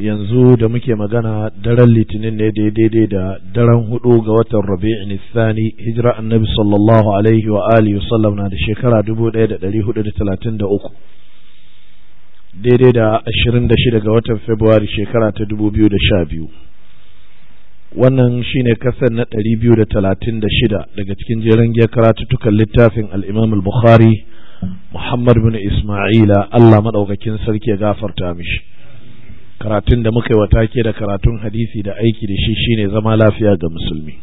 yanzu da muke magana daren litinin ne daidai da daren hudu ga watan rabi'in thani hijira annabi sallallahu alaihi wa alihi sallam na da shekara 1433 daidai da 26 ga watan februari shekara ta 2012 wannan shine kasar na 236 daga cikin jeren giyar karatuttukan littafin al-imam al-bukhari muhammad bin isma'ila allah madaukakin sarki ya gafarta mishi karatun da muka yi wa da karatun hadisi da aiki da shi shine zama lafiya ga musulmi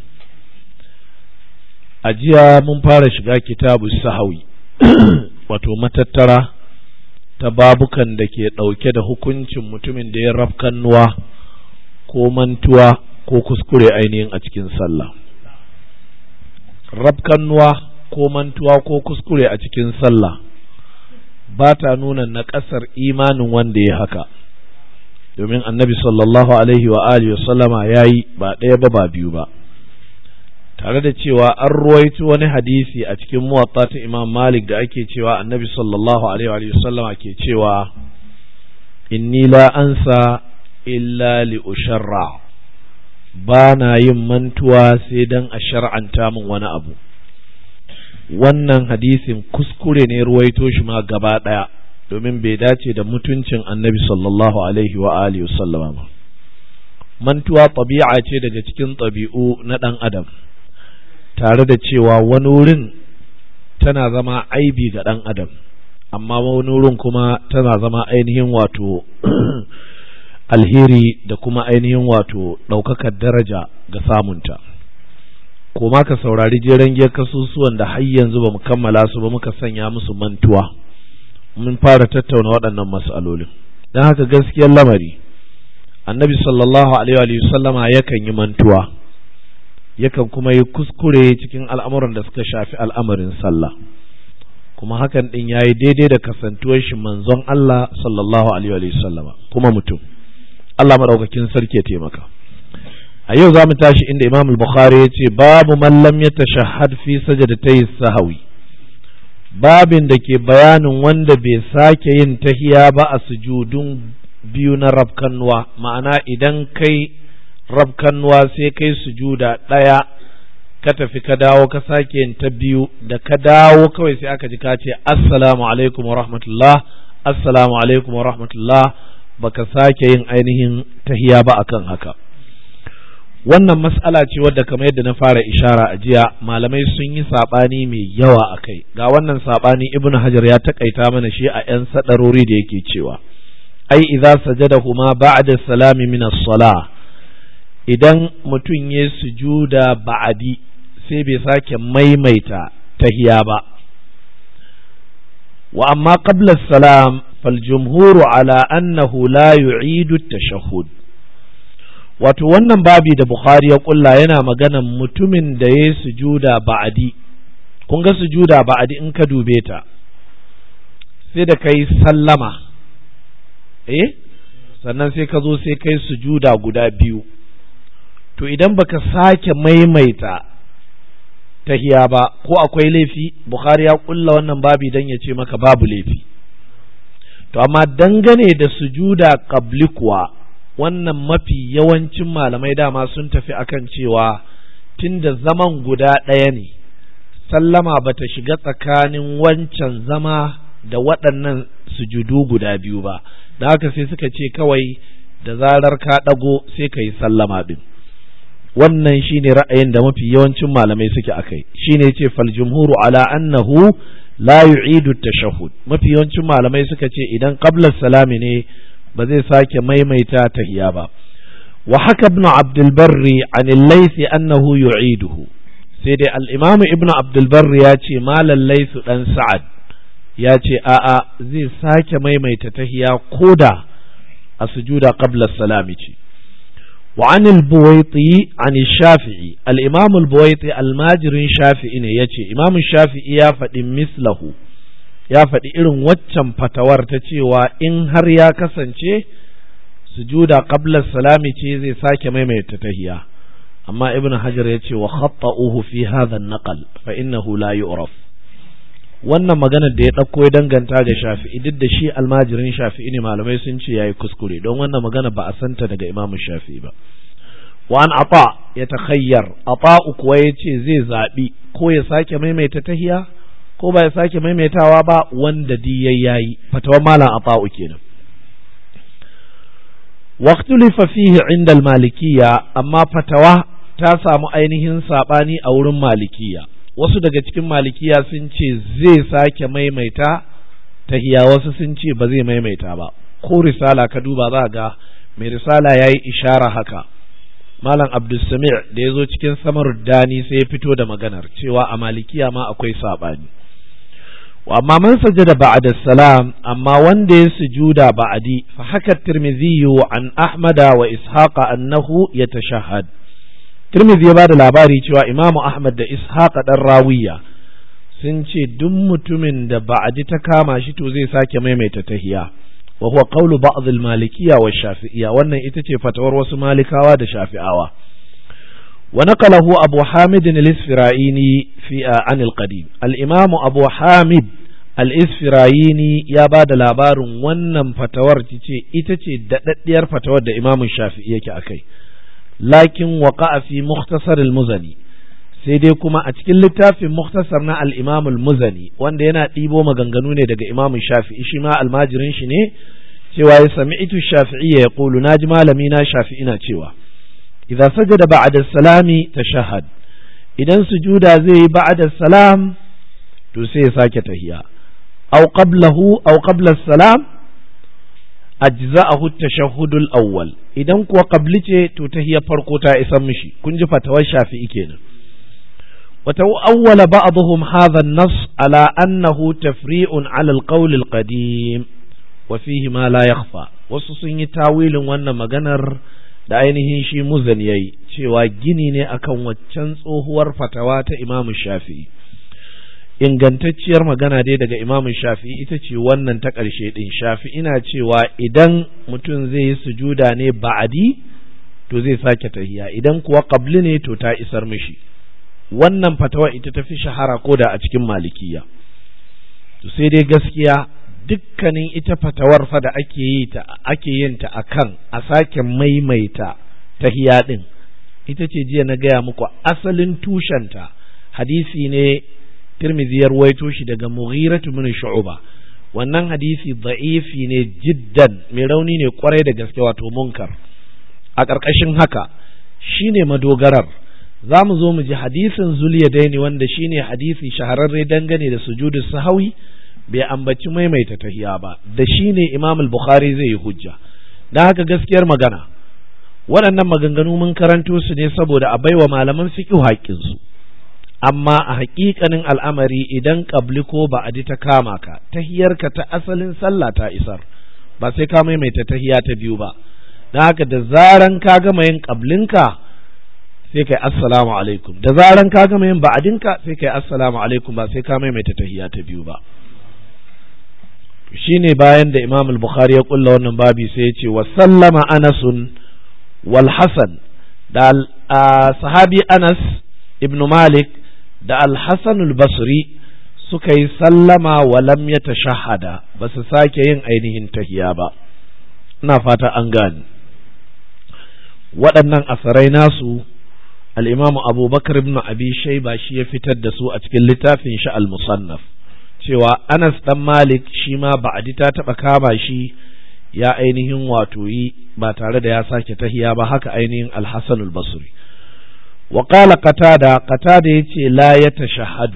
a jiya mun fara shiga kitabu sahawi wato matattara ta babukan da ke ɗauke da hukuncin mutumin da ya rafkannuwa ko mantuwa ko kuskure ainihin a cikin sallah rafkannuwa ko mantuwa ko kuskure a cikin sallah ba ta nuna na ƙasar imanin wanda ya haka domin annabi sallallahu alaihi wa alihi sallama ya yi ba ɗaya ba ba biyu ba tare da cewa an ruwaito wani hadisi a cikin muwatta ta imam malik da ake cewa annabi sallallahu alaihi wa sallama ke cewa inni la ansa illa li usharra ba na yin mantuwa sai dan a shar'anta min wani abu wannan hadisin kuskure ne ruwaito shi ma gaba ɗaya domin bai dace da mutuncin annabi sallallahu alaihi wa alihi sallama ba mantuwa tabi'a ce daga cikin tabi'u na dan adam tare da cewa wani wurin tana zama aibi ga dan adam amma wani wurin kuma tana zama ainihin wato alheri da kuma ainihin wato ɗaukakar daraja ga samunta Koma ka saurari jeren giyar kasusuwan da har yanzu ba mu kammala su ba muka sanya musu mantuwa mun fara tattauna waɗannan mas'alolin don haka gaskiyar lamari annabi sallallahu alaihi wa sallama yakan yi mantuwa yakan kuma yi kuskure cikin al'amuran da suka shafi al'amarin sallah kuma hakan din yi daidai da kasantuwar shi manzon Allah sallallahu alaihi wa sallama kuma mutum Allah madaukakin sarki ya taimaka a yau za mu tashi inda Imam al-Bukhari ya ce babu man lam yatashahhad fi yi sahawi babin da ke bayanin wanda bai sake yin tahiya ba a sujudun biyu na rabkannuwa ma'ana idan kai rabkanwa sai kai sujuda ɗaya ka tafi ka dawo ka sake yin ta biyu da ka dawo kawai sai aka ji ka ce assalamu alaikum wa rahmatullah assalamu alaikum wa rahmatullah baka sake yin ainihin tahiya ba akan haka wannan mas'ala ce wadda kamar yadda na fara ishara a jiya malamai sun yi saɓani mai yawa a kai ga wannan saɓani ibn hajar ya taƙaita mana shi a 'yan sadarori da yake cewa ai idza huma ba'da salami min as-salah idan mutum ya sujuda ba'adi sai bai sake maimaita tahiya ba wa amma qabla salam fal jumhuru ala annahu la yu'idu at-tashahhud wato wannan babi da bukhari ya kulla yana magana mutumin da ya sujuda ba'adi kun ga sujuda ba'adi in ka dube ta sai da kai sallama eh sannan sai ka zo sai kai sujuda guda biyu to idan baka sake maimaita tahiya ba ko akwai laifi bukhari ya kulla wannan babi dan ya ce maka babu laifi to amma dangane da sujuda qabli kuwa wannan mafi yawancin malamai dama sun tafi akan cewa tunda zaman guda ɗaya ne sallama ba ta shiga tsakanin wancan zama da waɗannan sujudu guda biyu ba da haka sai suka ce kawai da zarar ka ɗago sai ka yi sallama ɗin wannan shi ne ra'ayin da mafi yawancin malamai suke a akai ne ce faljumhuru ala annahu la yu'idu tashahud mafi yawancin malamai suka ce idan qabla salami ne ba zai sake maimaita tahiya ba wa haka ibn abdul an laysi annahu yu'iduhu sai dai al'imamu ibn abdul ya ce malan laysu dan sa'ad ya ce a'a zai sake maimaita tahiya koda a sujuda qabla salami ce وعن shafi'i. Al'imamul الشافعي almajirin shafi'i ne yace يتي shafi'i ya faɗi mislahu. ya faɗi irin waccan fatawar ta cewa in har ya kasance sujuda qabla salami ce zai sake maimaita tahiya amma ibn hajar ya ce wa khatta'uhu fi hadha an-naql fa innahu la yu'raf wannan maganar da ya ɗauko ya danganta ga shafi'i duk da shi almajirin shafi'i ne malamai sun ce yayi kuskure don wannan magana ba a santa daga imamu shafi'i ba wa an ata ya takhayyar ata kuwa ya ce zai zaɓi ko ya sake maimaita tahiya ko ba ya sake maimaitawa ba wanda di yayi fatawan malam fa'u kenan waqtulifa fihi inda malikiya amma fatawa ta samu ainihin sabani a wurin malikiya wasu daga cikin malikiya sun ce zai sake maimaita ta tahiya wasu sun ce ba zai maimaita ba ko risala ka duba za ga mai risala ya yi ishara haka malam abdulsami da ya zo cikin samar dani sai ya fito da maganar cewa a malikiya ma akwai saɓani amma man sajada ba'da salam amma wanda ya sujuda ba'di fa haka tirmidhi an ahmada wa ishaqa annahu ya ta shahad. Tirmizi ya bada labari cewa imamu ahmad da ishaqa ɗan rawiya sun ce duk mutumin da ba'di ta kama shi to zai sake maimaita tahiya wa huwa qawlu ba'd al wa shafi'iyya wannan ita ce fatawar wasu malikawa da shafi'awa ونقله أبو حامد الإسفرايني في عن القديم الإمام أبو حامد الإسفرايني يا بعد لابار ونم فتور تتي daɗaɗɗiyar fatawar فتور دا إمام الشافعي a لكن وقع في مختصر المزني sai dai kuma a cikin littafin muktasar na al-Imam muzani wanda yana ɗibo maganganu ne daga Imam Shafi'i shima almajirin shi ne cewa ya sami itu Shafi'i ya kulu ji malami na shafi'ina cewa idza sajada ba'da salami tashahhad idan sujuda zai yi ba'da salam to sai ya sake tahiya aw qablahu aw qabla salam ajza'ahu tashahhudul awwal idan kuwa qabli ce to tahiyar farko ta isan mishi kun ji fatawar shafi'i kenan وتأول بعضهم هذا النص على أنه تفريع على القول القديم وفيه ما لا يخفى وسوسن تاويل وانا مغنر da ainihin shi muzan yayi cewa gini ne akan waccan tsohuwar fatawa ta imamu shafi'i ingantacciyar magana dai daga imamu shafi'i ita ce wannan ta ƙarshe ɗin shafi'i na cewa idan mutum zai yi sujuda ne ba'adi to zai sake tahiya idan kuwa qabli ne to ta isar mishi wannan fatawa ita ta fi shahara ko da a cikin malikiya to sai dai gaskiya dukkanin ita fatawar fa da ake yi ta ake yin ta akan a sake maimaita tahiya din ita ce jiya na gaya muku asalin tushenta hadisi ne tirmidhi ya ruwaito shi daga mughiratu min shu'ba wannan hadisi da'ifi ne jiddan mai rauni ne kwarai da gaske wato munkar a ƙarƙashin haka shine madogarar za mu zo mu ji hadisin zuliyadaini wanda shine hadisi shahararre dangane da sujudu sahawi bai ambaci maimaita tahiya ba da shi ne imam al-bukhari zai yi hujja da haka gaskiyar magana waɗannan maganganu mun karanto su ne saboda a baiwa malaman fiqh haƙƙinsu amma a haƙiƙanin al'amari idan ƙabli ko ba a ta kama ka tahiyarka ta asalin sallah ta isar ba sai ka maimaita tahiya ta biyu ba da haka da zaran ka gama yin ƙablinka sai kai assalamu alaikum da zaran ka gama yin ba'adinka sai kai assalamu alaikum ba sai ka maimaita tahiya ta biyu ba shine bayan da Imam al-Bukhari ya kulla wannan babi sai ya ce wa sallama Anasun wal Hasan da sahabi Anas ibn Malik da al-Hasan al-Basri suka yi sallama wa lam shahada ba su sake yin ainihin tahiya ba ina fata an gane waɗannan asarai nasu al-Imam abubakar Bakar ibn Abi Shayba shi ya fitar da su a cikin littafin shi al-Musannaf cewa Anas dan Malik shi ma ba'adi ta taba kama shi ya ainihin wato yi ba tare da ya sake tahiya ba haka ainihin Al-Hasan al-Basri wa qala qatada qatada yace la tashahadu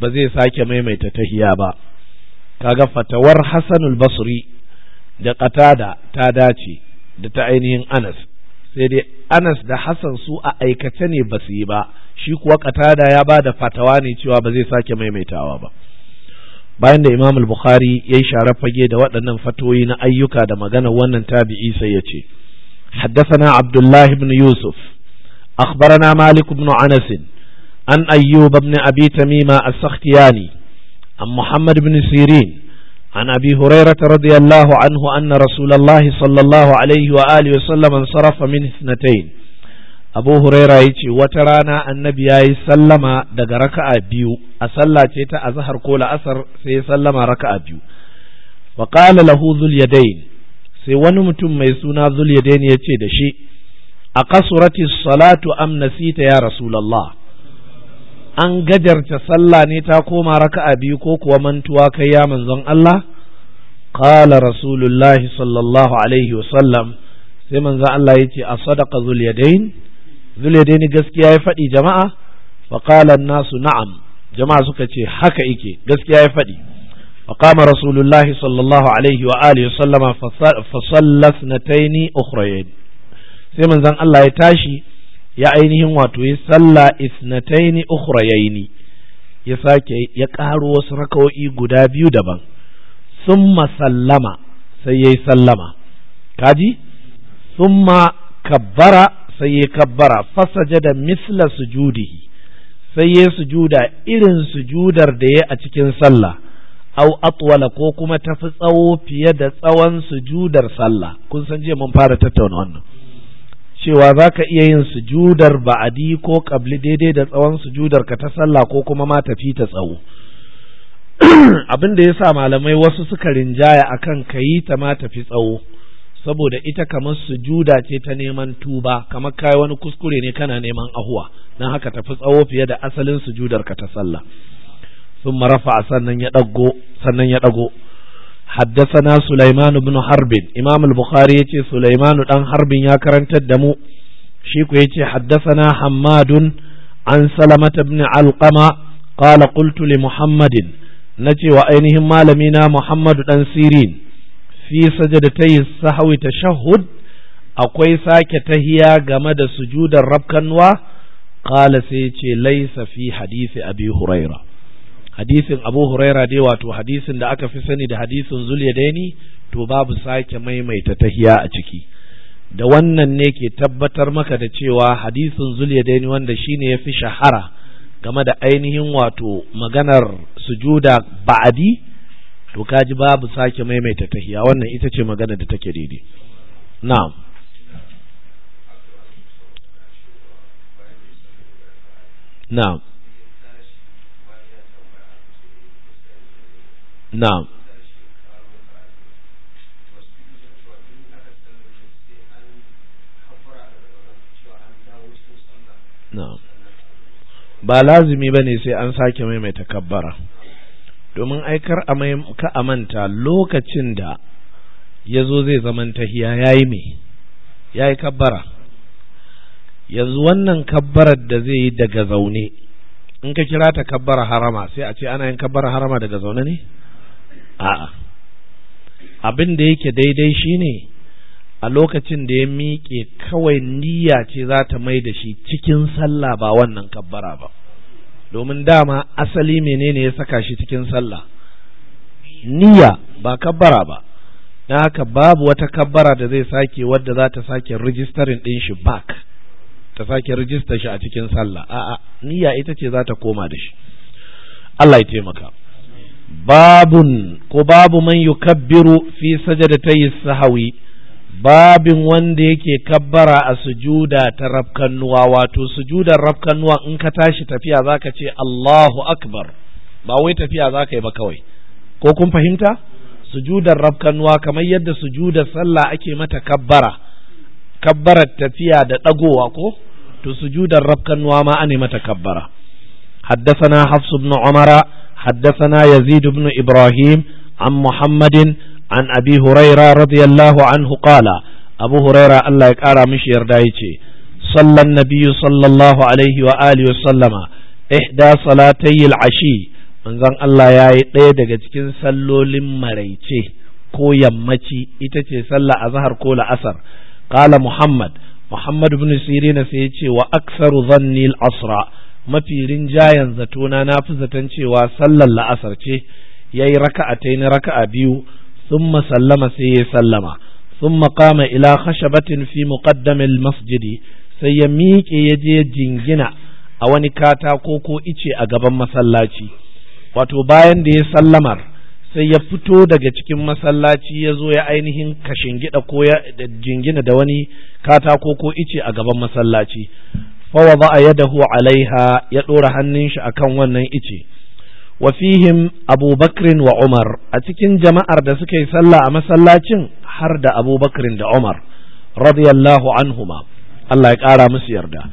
ba zai sake maimaita tahiya ba kaga fatawar Hasan al-Basri da qatada ta dace da ta ainihin Anas sai dai Anas da Hassan su a aikace ne ba su yi ba shi kuwa katada ya ba da fatawa ne cewa ba zai sake maimaitawa ba bayan da Imam al-Bukhari ya yi sharar fage da waɗannan fatoyi na ayyuka da magana wannan tabi'i sai ya ce حدثنا عبد الله بن يوسف أخبرنا مالك بن أنس عن أيوب بن أبي تميمة السختياني عن محمد بن سيرين عن أبي هريرة رضي الله عنه أن رسول الله صلى الله عليه وآله وسلم انصرف من اثنتين أبو هريرة يتي وترانا النبي سلم دق ركع بيو أسلى تيتا أزهر قول أسر سيسلم ركع بيو وقال له ذو اليدين سيونمتم ميسونا ذو اليدين يتي دشي أقصرت الصلاة أم نسيت يا رسول الله an gajarta sallah ne ta koma raka'a biyu ko kuwa mantuwa kai ya manzon Allah qala rasulullahi sallallahu alaihi wasallam sai manzon Allah yace a sadaqa zul yadain zul yadain gaskiya ya faɗi jama'a fa qala nasu na'am jama'a suka ce haka yake gaskiya ya faɗi fa qama rasulullahi sallallahu alaihi wa alihi wasallama fa sallasnataini ukhrayn sai manzon Allah ya tashi ya ainihin wato ya salla isnataini ukhrayaini ya sake ya ƙaro wasu raka'o'i guda biyu daban summa sallama sai yayi sallama kaji summa kabbara sai ya kabbara fasajada misla sujudihi sai ya sujuda irin sujudar da yayi a cikin sallah au atwala ko kuma tafi tsawo fiye da tsawon sujudar sallah kun san jiya mun fara tattauna wannan cewa za ka iya yin sujudar ba'adi ko kabli daidai da tsawon sujudar ka ta sallah ko kuma ma tafi ta tsawo abin da ya sa malamai wasu suka rinjaya akan ka yi ta ma tafi tsawo saboda ita kamar sujuda ce ta neman tuba kamar kai wani kuskure ne kana neman ahuwa na haka tafi tsawo fiye da asalin sujudar ka ta sallah sun marafa sannan ya ɗago sannan ya ɗago حدثنا سليمان بن حرب إمام البخاري يتي سليمان بن حرب يا كرنت الدم شيكو يتي حدثنا حماد عن سلمة بن علقمة قال قلت لمحمد نتي وأينهم مالمنا محمد بن سيرين في سجدتي السهو تشهد akwai sake tahiya game da sujudar rabkanwa qala sai ce laisa fi hadisi abi huraira hadisin abu huraira dai wato hadisin da aka fi sani da hadisin zulyadaini to babu sake maimaita tahiya a ciki da wannan ne ke tabbatar maka da cewa hadisin zulyadaini wanda shine ya fi shahara game da ainihin wato maganar sujuda ba'adi to kaji babu sake maimaita tahiya wannan ita ce magana da take daidai na'am na'am na'am ba lazumi ba ne sai an sake maimaita kabbara domin aikar ka amanta lokacin da ya zo zai zaman tahiya ya yi me ya kabbara yanzu wannan kabbarar da zai yi daga zaune in ka kira ta kabbara harama sai a ce ana yin kabbara harama daga zaune ne a'a abin da yake daidai shine a lokacin da ya miƙe kawai niyya ce za ta mai da shi cikin sallah ba wannan kabbara ba domin dama asali menene ya saka shi cikin sallah niyya ba kabbara ba na haka babu wata kabbara da zai sake wadda za ta sake rijistarin ɗin shi back ta sake rijista shi a cikin sallah a'a niyya ita ce za ta koma da shi Allah ya taimaka babun ko babu man yukabbiru fi sajadatayi sahawi babin wanda yake kabbara a sujuda ta rafkannuwa wato sujudar rafkannuwa in ka tashi tafiya zaka ce Allahu akbar ba wai tafiya zaka yi ba kawai ko kun fahimta sujudar rafkannuwa kamar yadda sujudar sallah ake mata kabbara kabbarar tafiya da dagowa ko to sujudar rafkannuwa ma ane mata kabbara حدثنا حفص بن عمر حدثنا يزيد بن إبراهيم عن محمد عن أبي هريرة رضي الله عنه قال أبو هريرة الله يكارى مش يردايتي صلى النبي صلى الله عليه وآله وسلم إحدى صلاتي العشي manzon Allah ya yi ɗaya daga cikin sallolin maraice ko yammaci ita ce sallah a zahar ko la'asar ƙala Muhammad Muhammad ibn Sirina sai ya ce wa aksaru zanni asra mafi rinjayen zatona na fi zaton cewa sallar la'asar ce ya yi raka'a ta ni raka'a biyu sun sallama sai ya sallama sun makama ila khashabatin fi muqaddamin masjidi sai ya miƙe ya je jingina a wani katako ko ice a gaban masallaci wato bayan da ya sallamar sai ya fito daga cikin masallaci ya zo ya ainihin kashin gida ko ya jingina da wani katako ko ice a gaban masallaci fa ya dahu alaiha ya ɗora hannun shi akan wannan ice wa fihim abubakrin wa umar a cikin jama'ar da suka yi sallah a masallacin har da abubakrin da umar radiyallahu anhuma Allah ya ƙara musu yarda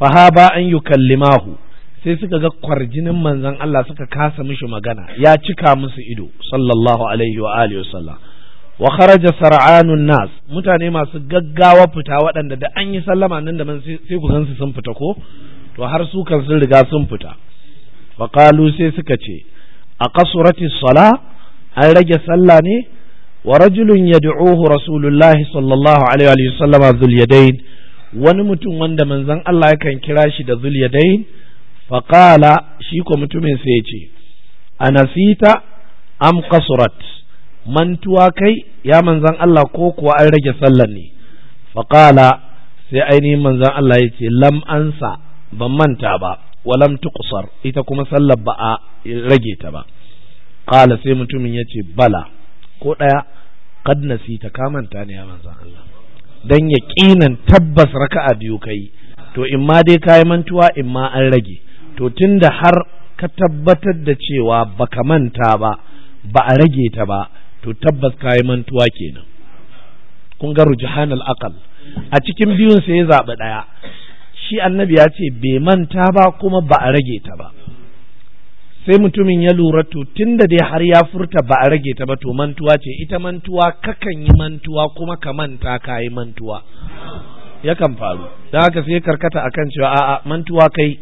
fa ba an yukallimahu sai suka ga kwarjinin manzon Allah suka kasa mishi magana ya cika musu ido sallallahu alaihi wa alihi sallam. wa kharaja sar'anun nas mutane masu gaggawa fita waɗanda da an yi sallama nan da sai ku gansu sun fita ko to har su kan sun riga sun fita fa qalu sai suka ce a qasurati sala an rage sallah ne wa rajulun yad'uhu rasulullahi sallallahu alaihi wa sallama dhul yadayn wani mutum wanda manzon Allah yakan kira shi da dhul yadayn fa qala shi ko mutumin sai ya ce anasita am qasurati mantuwa kai ya manzan Allah ko kuwa an rage sallar ne faƙala sai ainihin manzan Allah ya ce lam ansa ban manta ba walam tuqsar ita kuma sallar ba a rage ta ba ƙala sai mutumin ya ce bala ko ɗaya kad sita ka manta ne ya manzan Allah dan ƙinan tabbas raka'a biyu kai to in ma dai kayi mantuwa in ma an rage to tunda har ka tabbatar da cewa baka manta ba ba a rage ta ba to tabbas kayi mantuwa kenan kun ga rujuhan al a cikin biyun sai ya zaɓi ɗaya shi annabi ya ce bai manta ba kuma ba a rage ta ba sai mutumin ya lura to tun da dai har ya furta ba a rage ta ba to mantuwa ce ita mantuwa kakan yi mantuwa kuma ka manta ka yi mantuwa yakan faru da haka sai karkata akan cewa a'a mantuwa kai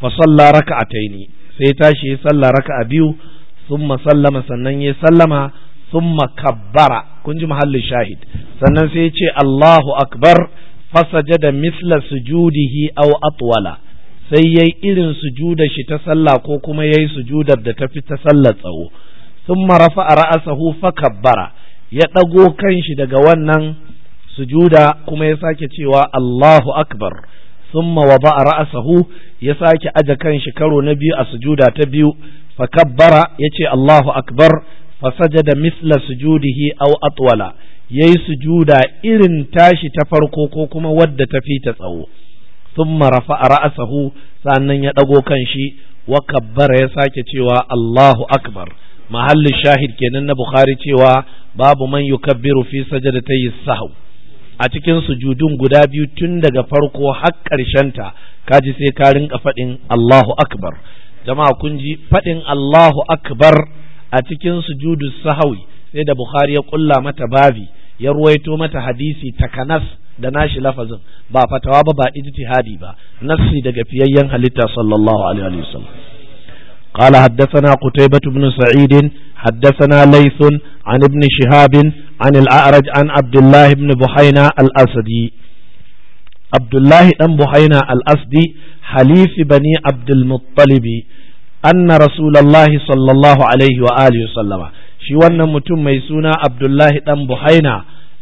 fa salla raka'ataini sai tashi ya salla raka'a biyu thumma sallama sannan ya sallama thumma kabbara kun ji mahallin shahid sannan sai ya ce Allahu akbar da misla sujudihi aw atwala sai yayi irin sujudar shi ta sallah ko kuma yayi sujudar da tafi ta sallar tsawo thumma rafa'a ra'asahu fa kabbara ya dago kanshi daga wannan sujuda kuma ya sake cewa Allahu akbar thumma wada'a ra'asahu ya sake aje shi karo na biyu a sujuda ta biyu fa kabbara yace Allahu akbar fasajada misla sujudihi aw atwala yayi sujuda irin tashi ta farko ko kuma wadda ta fi ta tsawo thumma rafa'a ra'asahu sannan ya dago kan shi wa kabbara ya sake cewa Allahu akbar mahallin shahid kenan na bukhari cewa babu man yukabbiru fi sajadatayi sahu a cikin sujudun guda biyu tun daga farko har ƙarshen ta kaji sai ka rinka faɗin Allahu akbar jama'a kun ji faɗin Allahu akbar a cikin sujudu sahawi sai da bukhari ya kulla mata babi ya ruwaito mata hadisi takanas da nashi lafazin ba fatawa ba ba ijtihadi ba nassi daga fiyayyen halitta sallallahu alaihi wasallam قال حدثنا قتيبة بن سعيد حدثنا ليث عن ابن شهاب عن الأعرج عن عبد الله بن بحينا الأسدي عبد الله بن بحينا الأسدي حليف بني عبد المطلب anna rasulallahi sallallahu alaihi wa alihi sallama shi wannan mutum mai suna abdullahi dan buhaina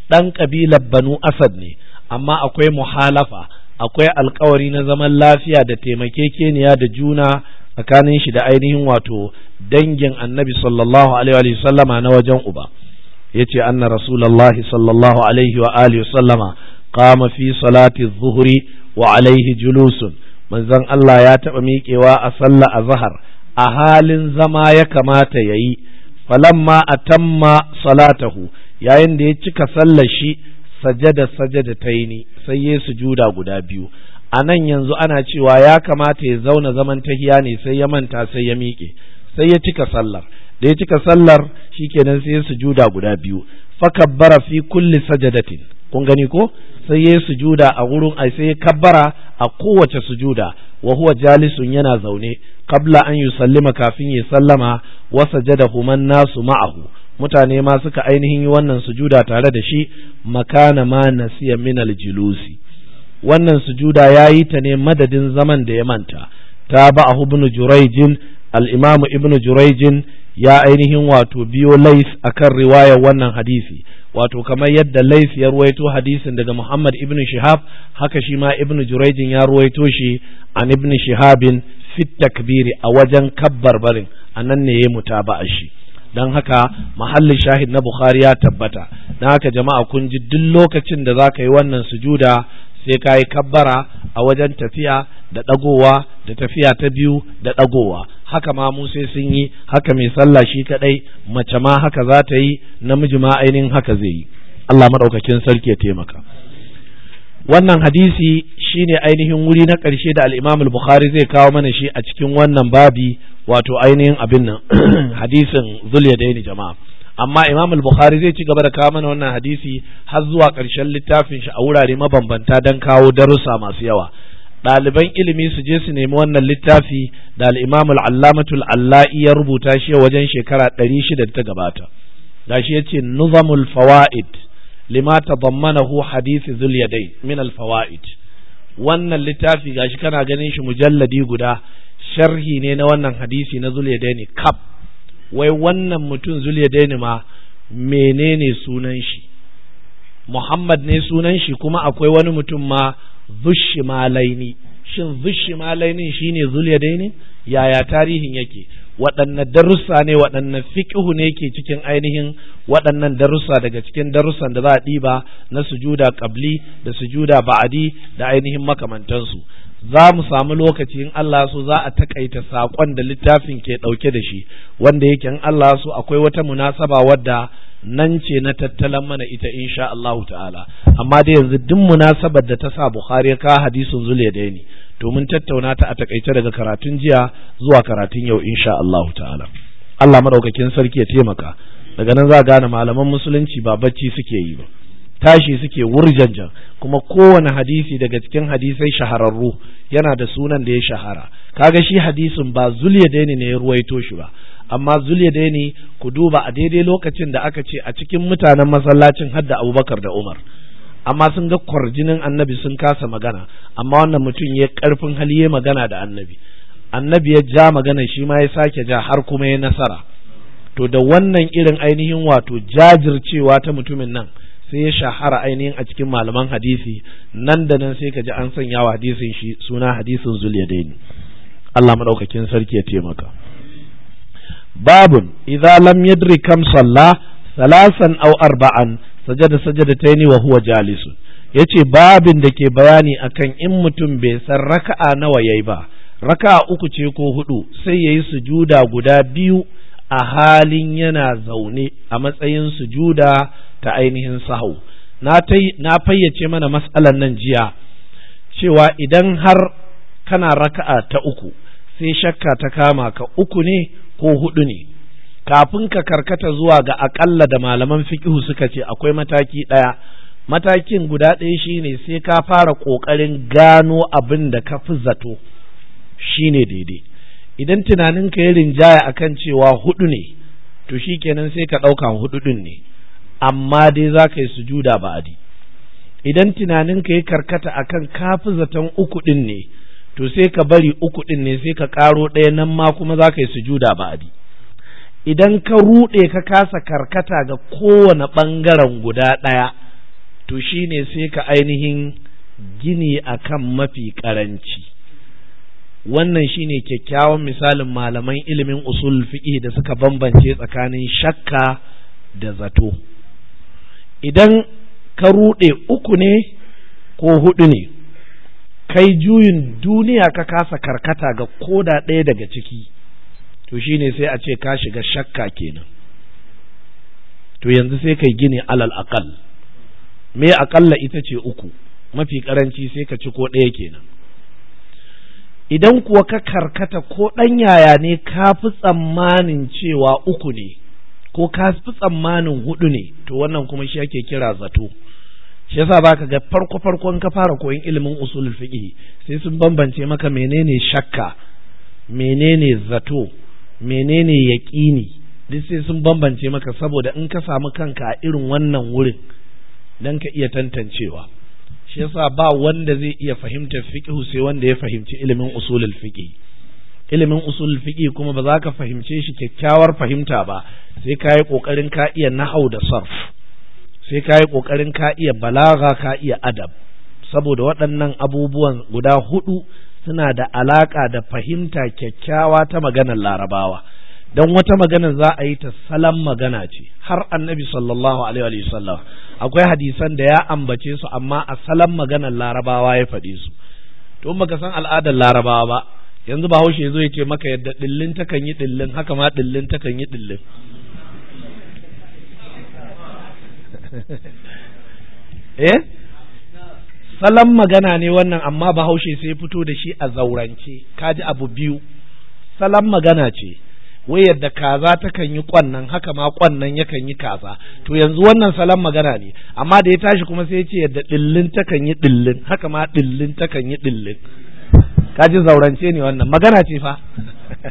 dan kabilar banu asad ne amma akwai muhalafa akwai alkawari na zaman lafiya da taimakekeniya da juna tsakanin shi da ainihin wato dangin annabi sallallahu alaihi wa sallama na wajen uba yace anna rasulullahi sallallahu alaihi wa alihi sallama qama fi salati dhuhri wa alaihi julusun manzon Allah ya taba miƙewa a sallah zahar a halin zama ya kamata ya yi falamma a tamma salatahu yayin da ya cika sallar shi sajada sajada ta ni sai ya sujuda guda biyu a nan yanzu ana cewa ya kamata ya zauna zaman tahiya ne sai ya manta sai ya miƙe sai ya cika sallar da ya cika sallar shi shikenan sai sujuda guda biyu fakabbara fi kulli sajadatin kun gani ko sai ya sujuda a wurin ai sai ya kabbara a kowace sujuda wa huwa jalisun yana zaune qabla an yusallima kafin ya sallama wa sajada man nasu ma'ahu mutane ma suka ainihin yi wannan sujuda tare da shi makana ma nasiya min aljulusi wannan sujuda yayi ta ne madadin zaman da ya manta ta ba hubnu jurayjin al-imam ibn jurayjin ya ainihin wato biyo lais akan riwayar wannan hadisi wato kamar yadda lais ya ruwaito hadisin daga muhammad ibn shihab haka shi ma ibn jurayjin ya ruwaito shi an ibn shihabin fit takbiri a wajen kabbar barin nan ne ya mutaba'a shi don haka muhallin shahid na bukhari ya tabbata don haka jama'a kun ji duk lokacin da za ka yi wannan sujuda sai ka yi kabbara a wajen tafiya da ɗagowa da tafiya ta biyu da ɗagowa haka ma mu sai sun yi haka mai sallah shi kaɗai mace ma haka za ta yi namiji ma ainihin haka zai yi Allah maɗaukakin sarki ya taimaka wannan hadisi shine ainihin wuri na ƙarshe da al al-Bukhari zai kawo mana shi a cikin wannan babi wato ainihin abin nan hadisin zulyadaini jama'a amma imam al-bukhari zai ci gaba da kawo mana wannan hadisi har zuwa ƙarshen littafin shi a wurare mabambanta don kawo darussa masu yawa ɗaliban ilimi su je su nemi wannan littafi da al-imam al-allamatul allai ya rubuta shi wajen shekara 600 ta gabata gashi yace nuzamul fawaid lima tadammanahu hadisi, zul yadayn min al-fawaid wannan littafi gashi kana ganin shi mujalladi guda sharhi ne na wannan hadisi na zul ne kaf wai wannan mutum zuliyadaini ma menene sunan shi muhammad ne sunan shi kuma akwai wani mutum ma zushi zushimalaini shin zushi shi ne shine zuliyadaini yaya tarihin yake waɗanne darussa ne waɗanne fiƙihu ne ke cikin ainihin waɗannan darussa daga cikin darussan da za a ɗiba na sujuda ƙabli da sujuda ba'adi da ainihin makamantansu za mu samu lokaci in Allah so za a takaita saƙon da littafin ke ɗauke da shi wanda yake in Allah so akwai wata munasaba wadda nan ce na tattalan mana ita insha Allah ta'ala amma dai yanzu duk munasabar da ta sa Bukhari ka hadisin zule da ni to mun tattauna ta a takaice daga karatun jiya zuwa karatun yau insha Allah ta'ala Allah madaukakin sarki ya taimaka daga nan za gane malaman musulunci ba bacci suke yi ba tashi suke jan-jan- kuma kowane hadisi daga cikin hadisai shahararru yana da sunan da ya shahara kaga shi hadisin ba zulya daini ne ya ruwaito shi ba amma zulya daini ku duba a daidai lokacin da aka ce a cikin mutanen masallacin hadda abubakar da umar amma sun ga kwarjinin annabi sun kasa magana amma wannan mutum ya karfin hali ya magana da annabi annabi ya ja magana shi ma ya sake ja har kuma ya nasara to da wannan irin ainihin wato jajircewa ta mutumin nan sai ya shahara ainihin a cikin malaman hadisi nan da nan sai ka ji an sanya wa hadisin shi suna hadisin zuliyadain Allah madaukakin sarki ya taimaka babun idza lam yadri kam salla salasan aw arba'an sajada sajadataini wa huwa jalisun yace babin da ke bayani akan in mutum bai san raka'a nawa yayi ba raka'a uku ce ko hudu sai yayi sujuda guda biyu a halin yana zaune a matsayin sujuda ta ainihin sahau na fayyace mana matsalan nan jiya cewa idan har kana raka'a ta uku sai shakka ta kama ka uku ne ko hudu ne kafin ka karkata zuwa ga akalla da malaman fikihu suka ce akwai mataki ɗaya matakin guda ɗaya shine sai ka fara ƙoƙarin gano abin da ka fi zato Shi ne daidai idan tunanin ka ya rinjaya akan cewa hudu ne to shi kenan sai ka ɗauka hudu ɗin ne amma dai za ka yi sujuda di. idan tunanin ka ya karkata akan kafi zaton uku ɗin ne to sai ka bari uku ɗin ne sai ka ƙaro ɗaya nan ma kuma za ka yi sujuda di. idan ka ruɗe ka kasa karkata ga kowane ɓangaren guda ɗaya to shine sai ka ainihin gini akan mafi ƙaranci wannan shine kyakkyawan misalin malaman ilimin usul da suka bambance tsakanin shakka da zato idan ka ruɗe uku ne ko hudu ne kai juyin duniya ka kasa karkata ga koda ɗaya daga ciki to shine sai a ce ka shiga shakka kenan to yanzu sai kai gini alal aqal me aƙalla ita ce uku mafi ƙaranci sai ka ci ko ɗaya kenan idan kuwa ka karkata ko ɗan yaya ne ka fi tsammanin cewa uku ne ko ka fi tsammanin hudu ne to wannan kuma shi ake kira zato shi yasa baka ga farko farkon ka fara koyon ilimin usul fiqh sai sun bambance maka menene shakka menene zato menene yaƙini duk sai sun bambance maka saboda in ka samu kanka a irin wannan wurin dan ka iya tantancewa shi yasa ba wanda zai iya fahimtar fiqh sai wanda ya fahimci ilimin usulul fiqh ilimin usulul fiqh kuma ba za ka fahimce shi kyakkyawar fahimta ba sai ka yi kokarin ka iya nahau da sarf sai ka yi kokarin ka iya balaga ka iya adab saboda waɗannan abubuwan guda hudu suna da alaka da fahimta kyakkyawa ta maganar larabawa dan wata magana za a yi ta salam magana ce har annabi sallallahu alaihi wa sallam akwai hadisan da ya ambace su amma a salam maganar larabawa ya faɗe su to baka san al'adar larabawa ba yanzu ba haushe zo ya ce maka yadda dillin takan yi dillin haka ma dillin takan yi dillin eh salam magana ne wannan amma bahaushe sai fito da shi a zaurance kaji abu biyu salam magana ce wai yadda kaza takan yi kwannan haka ma kwannan yakan yi kaza to yanzu wannan salon magana ne amma da ya tashi kuma sai ya ce yadda dillin takan yi dillin haka ma dillin takan yi dillin kaji zaurance ne wannan magana ce fa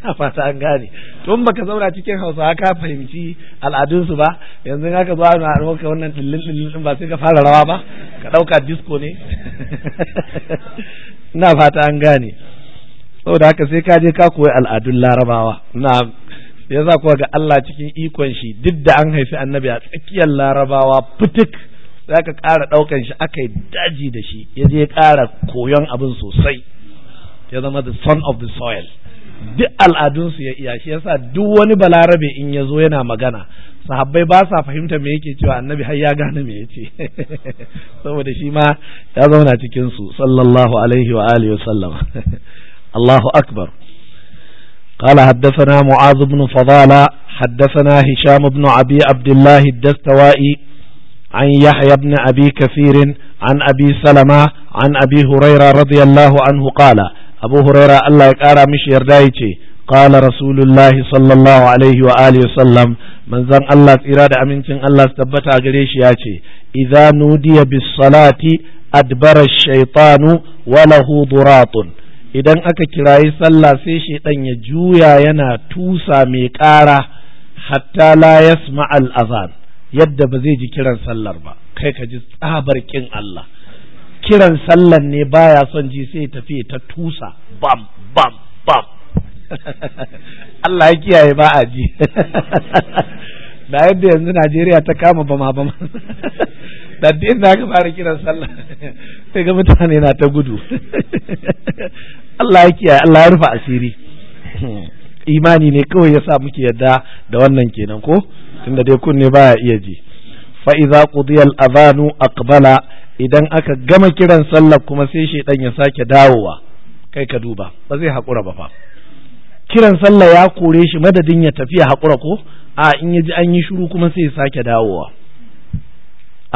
na fata an gane to in baka zaura cikin hausawa ka fahimci al'adunsu ba yanzu haka zuwa na maka wannan dillin dillin ba sai ka fara rawa ba ka ɗauka disco ne na fata an gane saboda haka sai ka je ka koyi al'adun larabawa na ya za kuwa ga Allah cikin ikon shi duk da an haifi annabi a tsakiyar larabawa fitik za ka ƙara ɗaukan shi aka yi daji da shi ya je ƙara koyon abin sosai ya zama the son of the soil duk al'adunsu ya iya shi yasa duk wani balarabe in ya zo yana magana sahabbai ba sa fahimta me yake cewa annabi har ya gane me yace saboda shi ma ya zauna cikin su sallallahu alaihi wa alihi wa sallama الله أكبر قال حدثنا معاذ بن فضالة حدثنا هشام بن أبي عبد الله الدستوائي عن يحيى بن أبي كثير عن أبي سلمة عن أبي هريرة رضي الله عنه قال أبو هريرة الله يقارى مش يردايتي قال رسول الله صلى الله عليه وآله وسلم من زن الله إرادة أمينتين الله استبتع قريش ياتي إذا نودي بالصلاة أدبر الشيطان وله ضراط idan aka kirayi sallah sai shaidan ya juya yana tusa mai ƙara hatta la yasma al azan yadda ba zai ji kiran sallar ba kai ka ji tsabar kin Allah kiran sallar ne baya son ji sai tafi ta tusa bam bam bam Allah ya kiyaye ba a ji da yadda yanzu Najeriya ta kama bama bama ɗaddin na aka fara kiran sallah sai ga mutane na ta gudu Allah ya kiyaye Allah ya rufe asiri imani ne kawai yasa muke yadda da wannan kenan ko tunda dai kunne baya iya ji fa idza qudiya al-adhanu aqbala idan aka gama kiran sallah kuma sai shedan ya sake dawowa kai ka duba ba zai hakura ba fa kiran sallah ya kore shi madadin ya tafi ya hakura ko a in ya ji an yi shiru kuma sai ya sake dawowa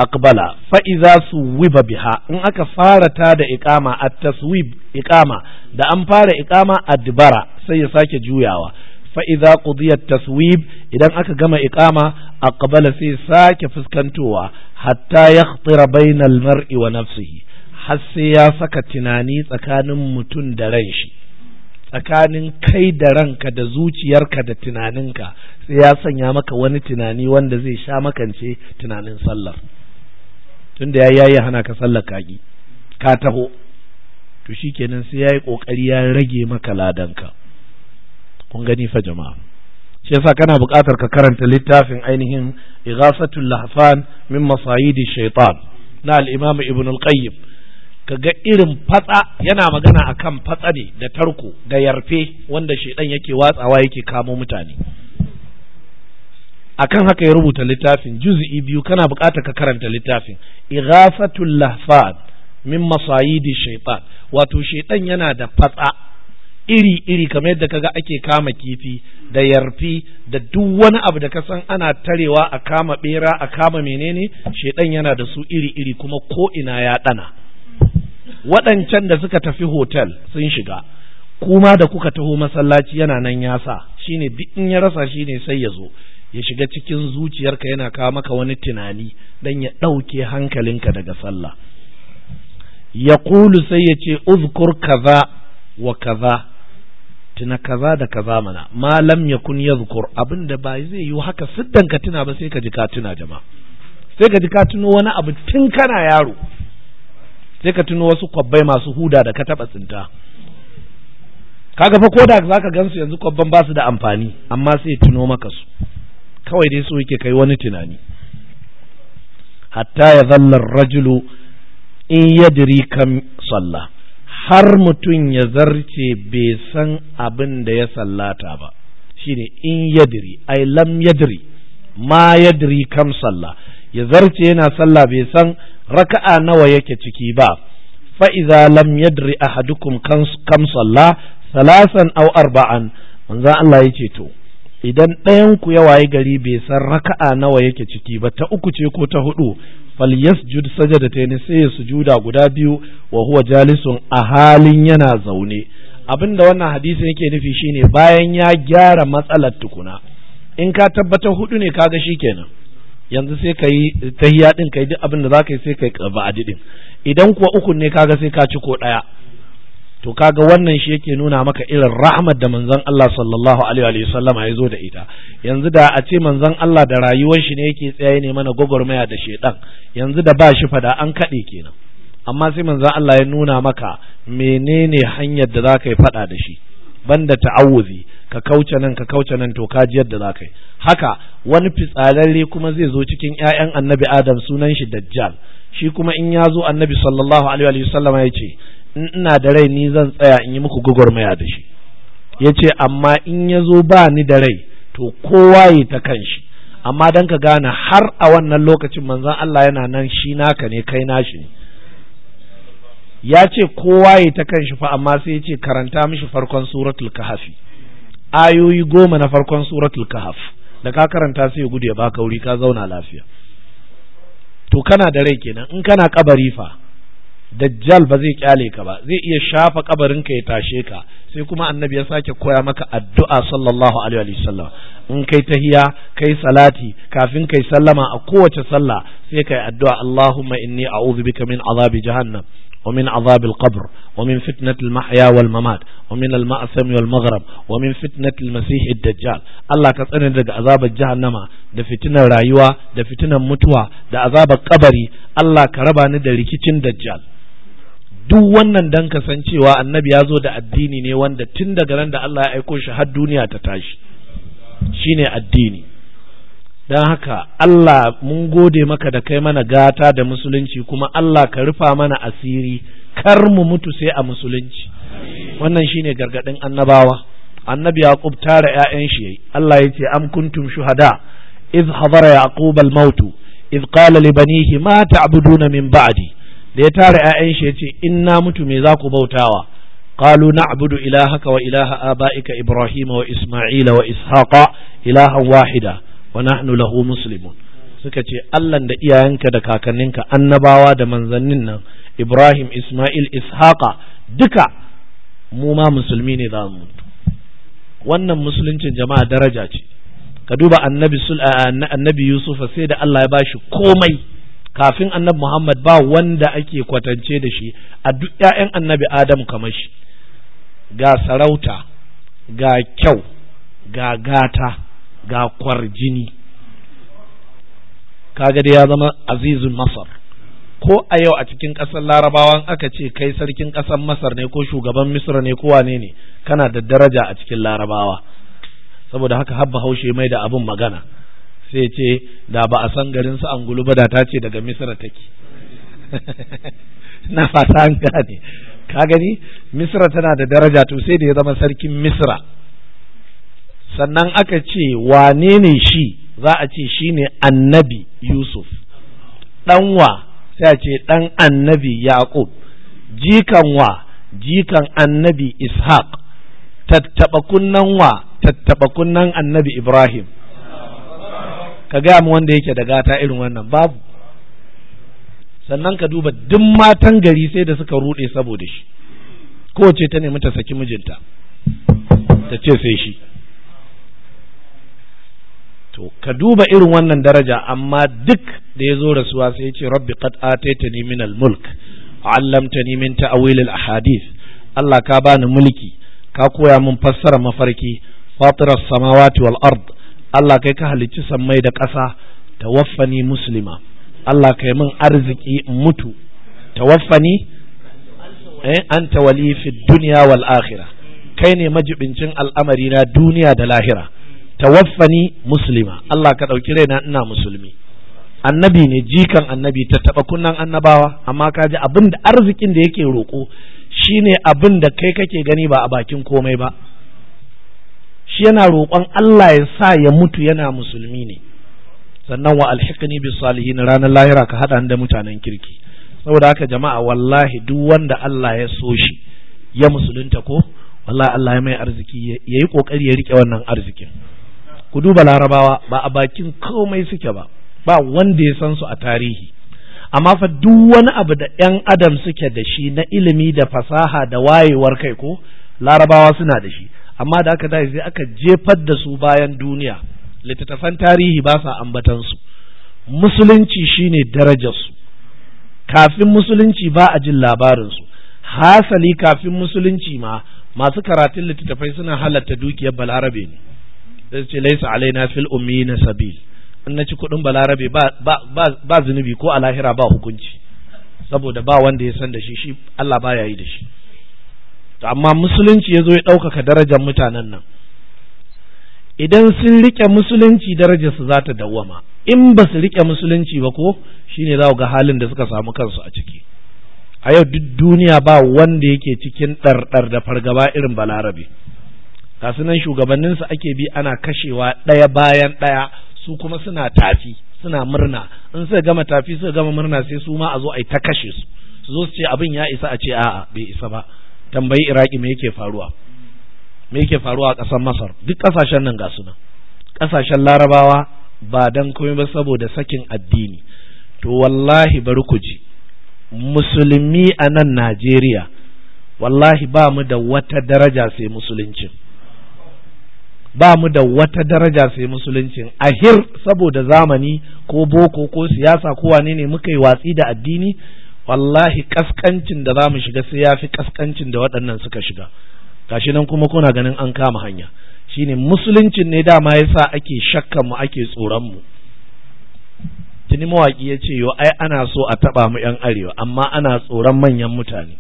aqbala fa idza suwiba biha in aka fara ta da iqama at taswib iqama da an fara iqama adbara sai ya sake juyawa fa idza qudiya taswib idan aka gama iqama aqbala sai sake fuskantowa hatta yakhtira bayna al mar'i wa nafsihi har sai ya saka tunani tsakanin mutum da ran shi tsakanin kai da ranka da zuciyarka da tunaninka sai ya sanya maka wani tunani wanda zai sha makance tunanin sallar tunda ya yayi hana ka sallar kaki ka taho to shikenan sai yi kokari ya rage maka ladanka kun gani fa jama'a shi yasa kana buƙatar ka karanta littafin ainihin ighasatul lahfan min masayidi shaitan na al-imam ibn al-qayyim kaga irin fatsa yana magana akan fatsa ne da tarko da yarfe wanda shaidan yake watsawa yake kamo mutane akan haka ya rubuta littafin juz'i biyu kana bukata ka karanta littafin ighafatul lahfad min masayidi shaytan wato shaytan yana da fatsa iri iri kamar yadda kaga ake kama kifi da yarfi da duk wani abu da ka san ana tarewa a kama bera a kama menene shaytan yana da su iri iri kuma ko ina ya dana waɗancan da suka tafi hotel sun shiga kuma da kuka taho masallaci yana nan yasa shine duk in ya rasa shine sai ya zo ya shiga cikin zuciyarka yana kawo maka wani tunani dan ya ɗauke hankalinka daga sallah ya Kulu sai ya ce uzkur kaza wa kaza tuna kaza da kaza mana malam ya kun ya zukur abin ba zai yi haka siddan ka tuna ba sai ka ji ka tuna jama, sai ka ji ka tuno wani abu tun kana yaro sai ka tuno wasu kwabbai masu huda da ka taba tsinta kaga fa za zaka gansu yanzu kwabban ba su da amfani amma sai tuno maka su kawai dai so yake kai wani tunani hatta ya zallar rajulu in yadiri kam sallah har mutum ya zarce bai san abin da ya sallata ba shine in yadiri ai lam yadiri ma yadiri kam sallah ya zarce yana sallah bai san raka'a nawa yake ciki ba fa'iza lam yadri ahadukum kam sallah salasan aw arba'an manzo Allah ya to idan ɗayan ku ya waye gari bai san raka'a nawa yake ciki ba ta uku ce ko ta hudu falyasjud sajadatayn sai su Juda guda biyu wa huwa jalisun a halin yana zaune abinda wannan hadisin yake nufi shine bayan ya gyara matsalar tukuna in ka tabbatar hudu ne kaga shikenan yanzu sai ka yi tahiya din kai duk abin da zaka yi sai kai qaba idan kuwa uku ne kaga sai ka ci ko daya to kaga wannan shi yake nuna maka irin rahmat da manzon Allah sallallahu alaihi wa sallama ya zo da ita yanzu da a ce manzon Allah da rayuwar shi ne yake tsaye ne mana gwagwarmaya da shedan yanzu da ba shi fada an kaɗe kenan amma sai manzon Allah ya nuna maka menene hanyar da za ka yi fada da shi banda ta'awuzi ka kauce nan ka kauce nan to ka ji yadda za yi haka wani fitsararre kuma zai zo cikin ƴaƴan annabi adam sunan shi dajjal shi kuma in ya zo annabi sallallahu alaihi wa sallama ya ce in ina da rai ni zan tsaya in yi muku gwagwarmaya da shi ya ce amma in ya zo ba ni da rai to kowa ya ta kan shi amma don ka gane har a wannan lokacin manzon Allah yana nan shi naka ne kai nashi ne ya ce kowa ya ta kan shi fa amma sai ya ce karanta mishi farkon suratul kahafi ayoyi goma na farkon suratul kahaf da ka karanta sai ya gudu ya baka wuri ka zauna lafiya to kana da rai kenan in kana kabari fa dajjal ba zai kyale ka ba zai iya shafa kabarin ka ya tashe ka sai kuma annabi ya sake koya maka addu'a sallallahu alaihi wa sallam in kai tahiya kai salati kafin kai sallama a kowace sallah sai kai addu'a Allahumma inni a'udhu bika min azabi jahannam wa عذاب القبر ومن فتنة المحيا والممات ومن المأثم والمغرب ومن فتنة dajjal Allah ka كتسنن daga azabar jahannama da fitinar rayuwa da fitinar mutuwa da azabar kabari Allah ka raba ni da rikicin dajjal duk wannan dan kasancewa annabi ya zo da addini ne wanda tun daga nan da Allah ya aiko shi har duniya ta tashi shine addini don haka Allah mun gode maka da kai mana gata da musulunci kuma Allah ka rufa mana asiri kar mu mutu sai a musulunci wannan shine gargadin annabawa annabi yaqub tara ƴaƴan shi Allah yace am kuntum shuhada iz hadara yaqub al mautu iz qala li banihi ma ta'buduna min ba'di da ya tara ‘ya'yan shi ya ce in na mutu me za ku bautawa qalu na'budu ilahaka wa ilaha aba'ika ibrahima wa isma'ila wa ishaqa ilahan wahida wa nahnu lahu muslimun suka ce Allah da iyayenka da kakanninka annabawa da manzannin nan ibrahim isma'il ishaqa duka mu ma musulmi ne za mu wannan musuluncin jama'a daraja ce ka duba annabi annabi yusufa sai da Allah ya bashi komai kafin annabi Muhammad ba wanda ake kwatance da shi a duk ƴaƴan annabi Adam kamar shi ga sarauta ga kyau ga gata ga kwarjini kaga dai ya zama azizun masar ko a yau a cikin ƙasar larabawan aka ce kai sarkin ƙasar masar ne ko shugaban Misir ne ko wane ne kana da daraja a cikin larabawa saboda haka habba haushe mai da abin magana sai ce da ba a san garin su angulu ba da ta ce daga misra take na fata an gane ka gani misra tana da daraja to sai da ya zama sarkin misra sannan aka ce wane ne shi za a ce shi ne annabi yusuf ɗanwa sai a ce ɗan annabi Yaqub. jikan jikan annabi ishaq tattaɓa kunnan wa tattaɓa kunnan annabi ibrahim ka gaya mu wanda yake da gata irin wannan babu sannan ka duba duk matan gari sai da suka rude saboda shi kowace ta nemi ta saki mijinta ta ce sai shi to ka duba irin wannan daraja amma duk da ya zo rasuwa sai ya ce rabbi qad ataitani min al-mulk allamtani min ta'wil al-ahadith Allah ka bani mulki ka koya min fassara mafarki fatirar samawati wal ard Allah kai ka halicci sammai da ƙasa tawaffani muslima Allah kai mun arziki mutu tawaffani eh ta wali fi dunya wal akhirah kai ne majibincin al'amari na duniya da lahira tawaffani muslima Allah ka ɗauki raina ina musulmi annabi ne jikan annabi ta taɓa kunnan annabawa amma ka ji abin da arzikin da yake roƙo shine abin da kai kake gani ba a bakin komai ba shi yana roƙon Allah ya sa ya mutu yana musulmi ne sannan wa alhiqni bi salihin ranar lahira ka haɗa da mutanen kirki saboda haka jama'a wallahi duk wanda Allah ya so shi ya musulunta ko wallahi Allah ya mai arziki ya yi kokari ya rike wannan arzikin ku duba larabawa ba a bakin komai suke ba ba wanda ya san su a tarihi amma fa duk wani abu da ‘yan adam suke da shi na ilimi da fasaha da wayewar kai ko larabawa suna da shi amma da aka dace sai aka jefar da su bayan duniya littattafan tarihi ba sa ambatan su musulunci shine darajar su kafin musulunci ba a jin labarinsu hasali kafin musulunci ma masu karatun littattafai suna halatta dukiyar balarabe ne sai ce laisa alaina fil ummi na sabil in na ci kuɗin balarabe ba zunubi ko alahira ba hukunci saboda ba wanda ya san da shi shi Allah baya yi da shi to amma musulunci ya zo ya ɗaukaka darajar mutanen nan idan sun riƙe musulunci darajarsu su za ta dawwama in ba su riƙe musulunci ba ko shi ne za ga halin da suka samu kansu a ciki a yau duk duniya ba wanda yake cikin ɗarɗar da fargaba irin balarabe ga nan shugabanninsu ake bi ana kashewa ɗaya bayan ɗaya su kuma suna tafi suna murna in suka gama tafi suka gama murna sai su ma a zo a yi ta kashe su su zo su ce abin ya isa a ce a'a bai isa ba tambayi iraki me yake faruwa me yake faruwa a ƙasar masar duk ƙasashen nan ga suna ƙasashen larabawa ba dan komai ba saboda sakin addini to wallahi bari ku ji musulmi a nan najeriya wallahi ba mu da wata daraja sai musuluncin ba mu da wata daraja sai musuluncin ahir saboda zamani ko boko ko siyasa ko wane ne muka yi watsi da addini wallahi kaskancin da za mu shiga sai ya fi kaskancin da waɗannan suka shiga gashi nan kuma kuna ganin an kama hanya shine musuluncin ne dama yasa ake shakkan mu ake tsoron mu tuni mawaki ya ce yo ai ana so a taba mu yan arewa amma ana tsoron manyan mutane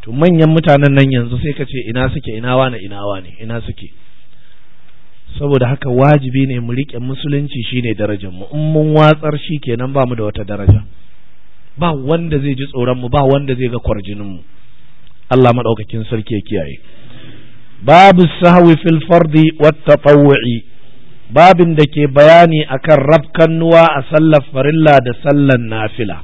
to manyan mutanen nan yanzu sai ka ce ina suke ina wane ina wane ina suke saboda haka wajibi ne mu riƙe musulunci shine darajar mu in mun watsar shi kenan ba mu da wata daraja ba wanda zai ji tsoron mu ba wanda zai ga kwarjinin mu Allah madaukakin sarki ya kiyaye babu sahwi fil fardi wat tatawwu'i babin da ke bayani akan rafkannuwa a sallar farilla da sallar nafila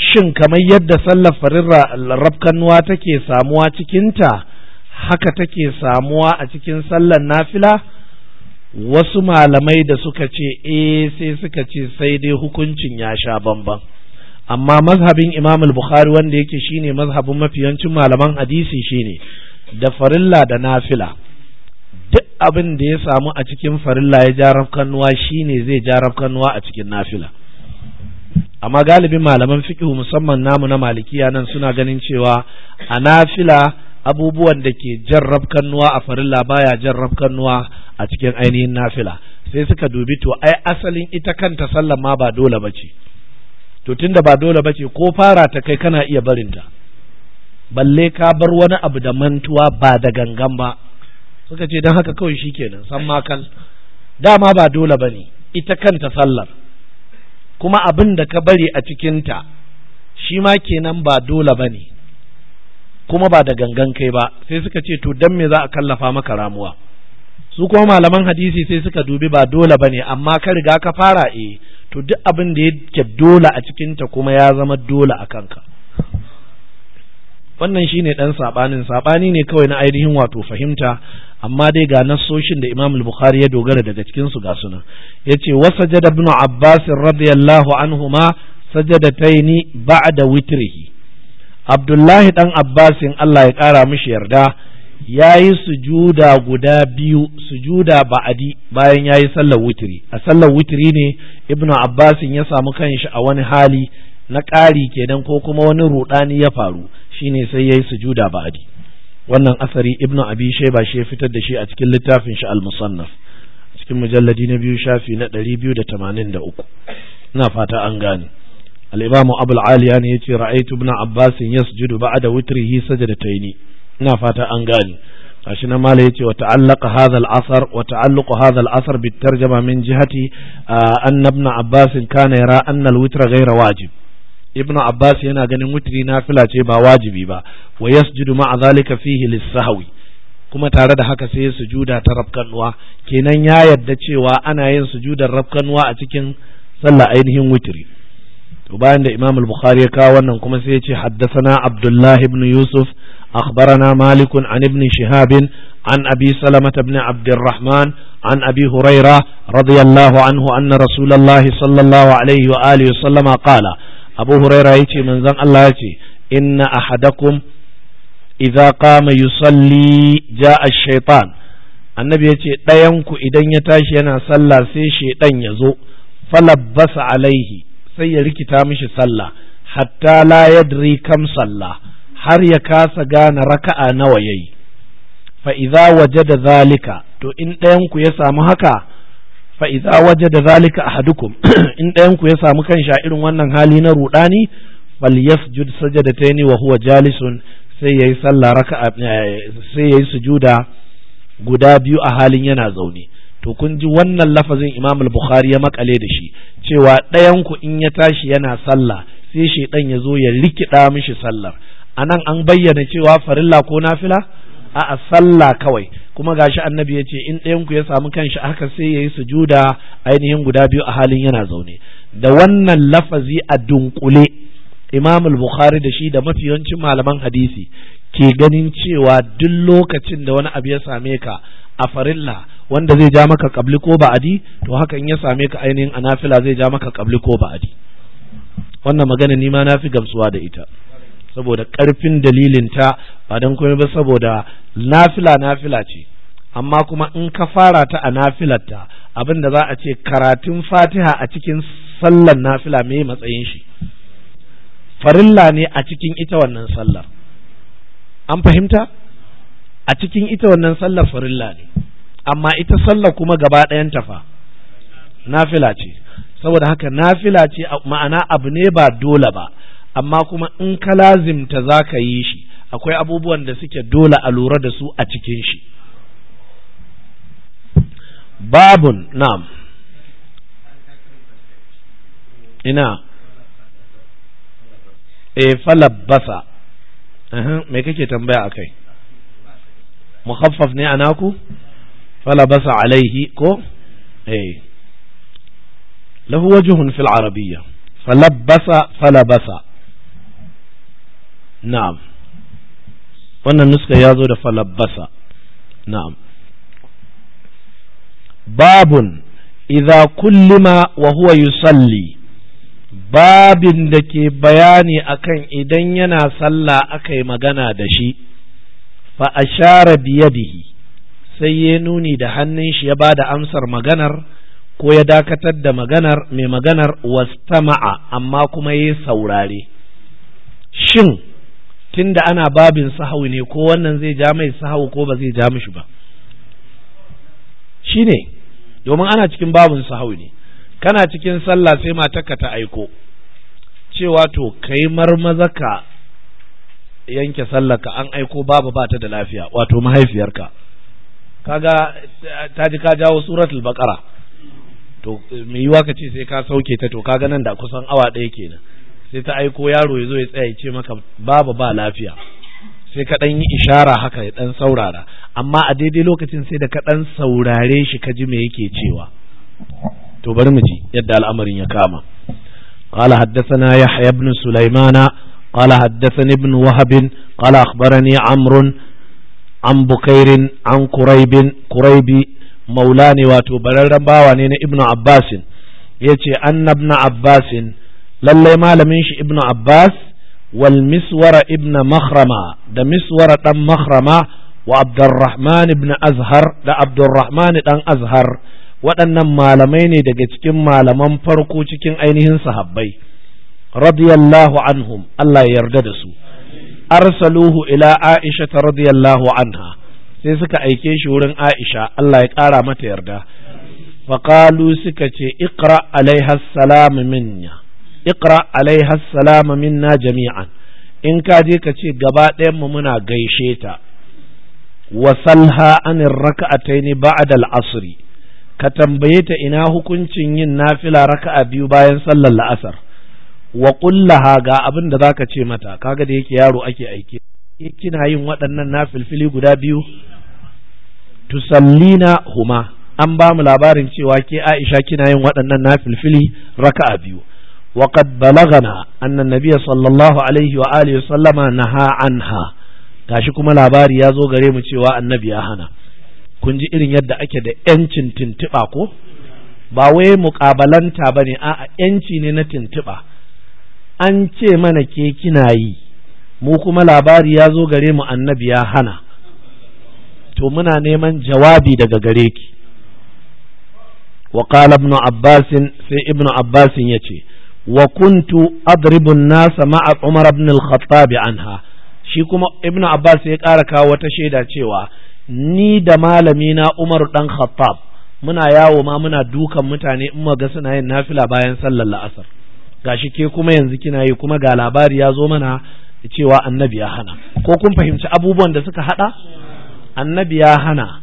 shin kamar yadda sallar farilla rafkannuwa take samuwa cikinta haka take samuwa a cikin sallar nafila wasu malamai da suka ce eh sai suka ce sai dai hukuncin ya sha bamban amma mazhabin imam al-bukhari wanda yake shine mazhabin mafiyancin malaman hadisi shine da farilla da nafila duk abin da ya samu a cikin farilla ya jarab kannuwa shine zai jarab kannuwa a cikin nafila amma galibin malaman fiqh musamman namu na malikiya nan suna ganin cewa a nafila abubuwan da ke jarrab kannuwa a farilla baya jarrab kannuwa a cikin ainihin nafila sai suka dubi to ai asalin ita kanta sallama ba dole bace to tunda ba dole bace ko fara ta kai kana iya barinta balle ka bar wani abu da mantuwa ba da gangan ba suka ce don haka kawai shi kenan san makal dama ba dole ba ne ita kanta sallar kuma abin da ka bari a cikinta shi ma kenan ba dole ba ne kuma ba da gangan kai ba sai suka ce to don me za a kallafa maka ramuwa su kuma malaman hadisi sai suka dubi ba dole bane amma ka riga ka fara e to duk abin da yake dole a cikinta kuma ya zama dole a kanka wannan shine ɗan sabanin sabani ne kawai na ainihin wato fahimta amma dai ga nasoshin da Imam al-Bukhari ya dogara daga cikin su ga sunan yace wasajada ibn Abbas radiyallahu anhu ma ni sajadataini da witrihi Abdullahi dan Abbasin Allah ya kara mishi yarda ya yi sujuda guda biyu sujuda ba'adi bayan ya yi sallar wutiri a sallar wutiri ne ibnu abbasin ya samu kanshi a wani hali na ƙari kenan ko kuma wani rudani ya faru shine sai ya yi sujuda ba'adi wannan asari ibnu abi shaiba shi ya fitar da shi a cikin littafin shi al-musannaf cikin mujalladi na biyu shafi na ɗari biyu da tamanin da uku ina fata an gane al-imamu abul aliya ne yace ra'aytu ibnu abbasin yasjudu ba'da wutrihi sajdataini ina fata an gane gashi na mala yace wa ta'allaqa hadha al-athar wa ta'alluqu hadha al-athar bit tarjama min jihati ah, anna ibn abbas kana yara anna al-witra ghayra wajib ibn abbas yana ganin witri nafila ce ba wajibi ba wa yasjudu ma'a zalika fihi lis-sahwi kuma tare da haka sai sujuda ta rafkanuwa kenan ya yadda cewa ana yin sujudar rafkanuwa a cikin sallah ainihin witri bayan da Imam al-Bukhari ya kawo wannan kuma sai ya ce na Abdullah ibn Yusuf akhbarana Malik an ibn Shihab an Abi Salamah ibn Abdurrahman an Abi Huraira radiyallahu anhu anna Rasulullah sallallahu alaihi wa alihi wasallama qala Abu Huraira yace manzon Allah yace inna ahadakum idza qama yusalli jaa ash-shaytan annabi yace ɗayan ku idan ya tashi yana sallah sai shedan ya zo falabbasa alaihi sai ya rikita mishi sallah hatta la yadri kam sallah har ya kasa gane raka'a nawa yayi fa idza wajada zalika to in ɗayan ku ya samu haka fa idza wajada zalika ahadukum in ɗayan ku ya samu kanshi a irin wannan hali na rudani falyasjud sajadataini wa huwa jalisun sai yayi sallah raka'a eh, sai yayi sujuda guda biyu a halin yana zaune to kun ji wannan lafazin Imam al-Bukhari ya makale da shi cewa ɗayan ku in ya tashi yana sallah sai shedan ya zo ya rikida mishi sallar anan an bayyana cewa farilla ko nafila a sallah kawai kuma gashi annabi ya ce in ɗayan ku ya samu kanshi haka sai ya yi sujuda ainihin guda biyu a halin yana zaune da wannan lafazi a dunkule Imam al-Bukhari da shi da mafi yawancin malaman hadisi ke ganin cewa duk lokacin da wani abu ya same ka a farilla wanda zai ja maka kabli ko ba'adi to haka in ya same ka ainihin a nafila zai ja maka kabli ko ba'adi wannan magana ni ma na fi gamsuwa da ita saboda karfin dalilin ta ba dan komai ba saboda nafila nafila ce amma kuma in ka fara ta a nafilar ta abin da za a ce karatun fatiha a cikin sallar nafila me matsayin shi farilla ne a cikin ita wannan sallar an fahimta a cikin ita wannan sallar farilla ne amma ita sallah kuma gaba ɗayan fa nafila ce saboda haka nafila ce ma'ana abu ne ba dole ba amma kuma in ka lazimta za ka yi shi akwai abubuwan da suke dole a lura da su a cikin shi babun na'am ina e falabbasa me kake tambaya akai mukhaffaf ne anaku falabasa alaihi ko eh lahu wajhun fil arabiyya falabasa falabasa na'am wannan nuska ya zo da falabasa na'am babun idza kullima wa huwa yusalli babin da ke bayani akan idan yana sallah aka yi magana da shi fa ashara biyadihi sai ya nuni da hannun shi ya ba da amsar maganar ko ya dakatar da maganar mai maganar wastama'a amma kuma ya saurare shin tunda ana babin sahau ne ko wannan zai ja mai sahau ko ba zai ja mishi ba shi ne domin ana cikin babin sahau ne kana cikin sallah sai matarka ta aiko cewa to kai marmaza ka yanke sallaka an aiko babu ba ta da lafiya wato mahaifiyarka kaga ta ji ka jawo suratul baqara to me yiwa ka ce sai ka sauke ta to kaga nan da kusan awa ɗaya kenan sai ta aiko yaro ya zo ya tsaya ya ce maka babu ba lafiya sai ka ɗan yi ishara haka ya ɗan saurara amma a daidai lokacin sai da ka ɗan saurare shi ka ji me yake cewa to bari mu ji yadda al'amarin ya kama قال حدثنا يحيى بن سليمان قال حدثني ابن وهب قال أخبرني عمرو an bukairin an kuraibin kuraibi maula ne wato bararren bawa ne na ibnu abbasin ya ce annabna abbasin lallai malamin shi ibnu abbas wal miswara Ibna mahrama da miswara dan mahrama wa abdurrahman ibn azhar da abdurrahman dan azhar waɗannan malamai ne daga cikin malaman farko cikin ainihin sahabbai radiyallahu anhum Allah ya yarda da su arsaluhu ila aisha ta radiyallahu anha sai suka aike shi wurin aisha Allah ya ƙara mata yarda faƙalu suka ce iqra alaiha salamu minna iqra alaiha minna jami'an in ka je ka ce gaba mu muna gaishe ta wasalha anin raka'ataini ba'da al asr ka tambaye ta ina hukuncin yin nafila raka'a biyu bayan sallar la'asar wa kullaha ga abin da zaka ce mata kaga da yake yaro ake aike eh, kina yin waɗannan nafilfili guda biyu tusallina huma an ba mu labarin cewa ke Aisha kina yin waɗannan nafilfili raka'a biyu wa qad balagana anna nabiyya sallallahu alaihi wa alihi sallama naha anha gashi kuma labari ya zo gare mu cewa annabi ya hana kun ji irin yadda ake da yancin tintiba ko ba wai muƙabalanta bane a'a yanci ne na tintiba an ce mana ke kina yi mu kuma labari ya zo gare mu annabi ya hana to muna neman jawabi daga gare ki wa qala ibn abbas sai ibn abbas yace wa kuntu adribu an-nasa ma'a umar ibn al-khattab anha shi kuma ibn abbas ya ƙara kawo wata shaida cewa ni da malami na umar dan khattab muna yawo ma muna dukan mutane in ga suna yin nafila bayan sallar la'asar gashi ke kuma yanzu kina yi kuma ga labari ya zo mana cewa annabi ya hana ko kun fahimci abubuwan da suka hada annabi ya hana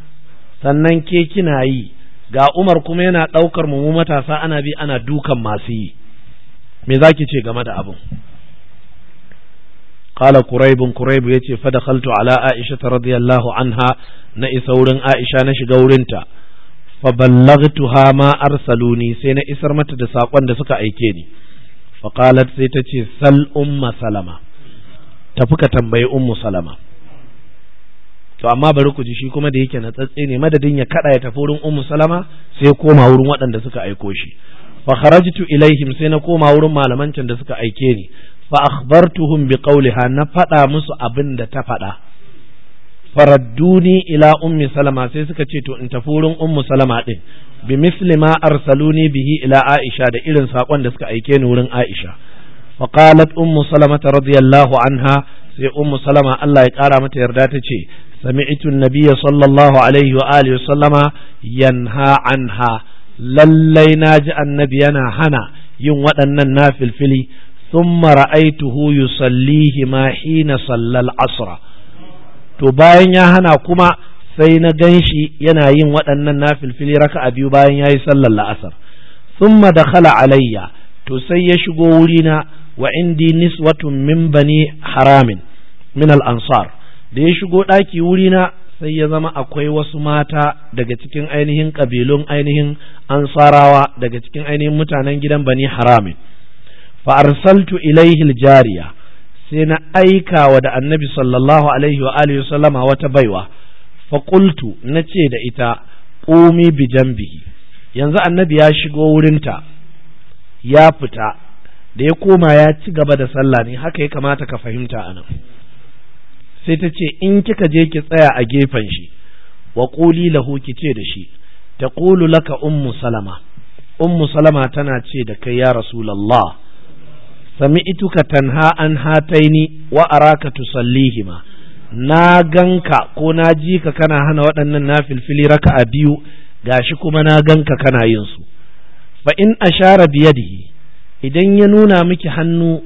sannan ke kina yi ga Umar kuma yana ɗaukar mu matasa ana bi ana dukan masu yi me zaki ce game da abin قال قريب قريب يتي فدخلت على عائشة رضي الله عنها نئس ورن عائشة arsaluni sai na isar mata da إسر da suka aike ni. faƙalat sai ta ce sal umma salama tafi ka tambayi ummu salama to amma bari ku ji shi kuma da yake natsatse ne madadin ya kada ya tafi wurin ummu salama sai koma wurin waɗanda suka aiko shi fa kharajtu ilaihim sai na koma wurin malaman can da suka aike ni fa akhbartuhum bi qawliha na faɗa musu abin da ta faɗa faradduni ila ummi salama sai suka ce to in tafi wurin ummu salama din bi arsaluni bihi ila aisha da irin sakon da suka aike ni wurin aisha fa qalat ummu salama radiyallahu anha sai ummu salama Allah ya kara mata yarda ta ce sami'tu an-nabiyya sallallahu alaihi wa alihi sallama yanha anha lallai naji annabi yana hana yin waɗannan nafilfili thumma ra'aituhu yusallihi ma hina sallal asra to bayan ya hana kuma sai na gan shi yana yin waɗannan nafilfili raka a biyu bayan ya yi sallar la'asar summa da kala alayya to sai ya shigo wurina wa indi niswatun min bani haramin min al-ansar da ya shigo ɗaki wurina sai ya zama akwai wasu mata daga cikin ainihin ƙabilun ainihin ansarawa daga cikin ainihin mutanen gidan bani haramin fa arsaltu ilaihi jariya sai na aika wa da annabi sallallahu alaihi wa alihi sallama wata baiwa faƙultu na ce da ita ƙumi bi jambihi yanzu annabi ya shigo wurinta ya fita da ya koma ya ci gaba da sallah ne haka ya kamata ka fahimta anan. sai ta ce in kika je ki tsaya a gefen shi wa ƙuli lahu ki ce da shi ta laka ummu salama ummu salama tana ce da kai ya rasulallah sami ituka tanha an hataini wa araka tusallihima na ganka ko na ji ka kana hana waɗannan nafilfili a biyu gashi kuma na ganka kana yin su fa in ashara biyadihi idan ya nuna miki hannu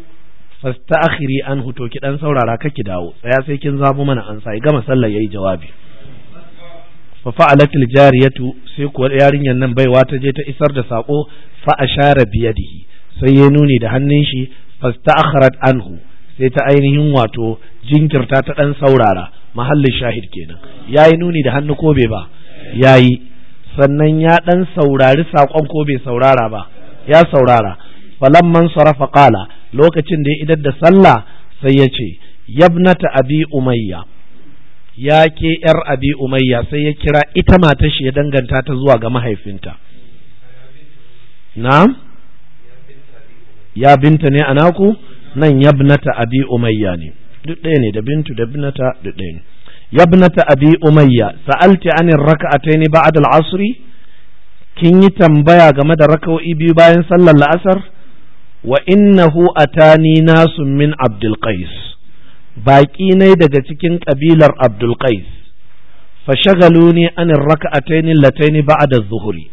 fasta'khiri an huto ki dan saurara kake dawo tsaya sai kin zabo mana an sai gama sallar yayi jawabi fa fa'alatil jariyatu sai kuwa yarinyar nan baiwa ta je ta isar da sako fa ashara biyadihi sai ya nuni da hannun shi fasta'akharat anhu sai ta ainihin wato jinkirta ta dan saurara mahallin shahid kenan yayi nuni da hannu ko bai ba yayi sannan ya dan saurari sakon ko bai saurara ba ya saurara falamman sarafa qala lokacin da ya idar da sallah sai ya ce yabnata abi umayya ya ke yar abi umayya sai ya kira ita matar shi ya danganta ta zuwa ga mahaifinta na'am ya binta ne a naku nan yabnata abi umayya ne duk ɗaya ne da bintu da binata duk ɗaya ne yabnata abi umayya sa'alti anin raka'ataini ba'd al-asr kin yi tambaya game da raka'o'i biyu bayan sallar la'asar wa innahu atani nasun min abdul qais baki ne daga cikin kabilar abdul qais fashagaluni anin raka'ataini lataini ba'd az-zuhri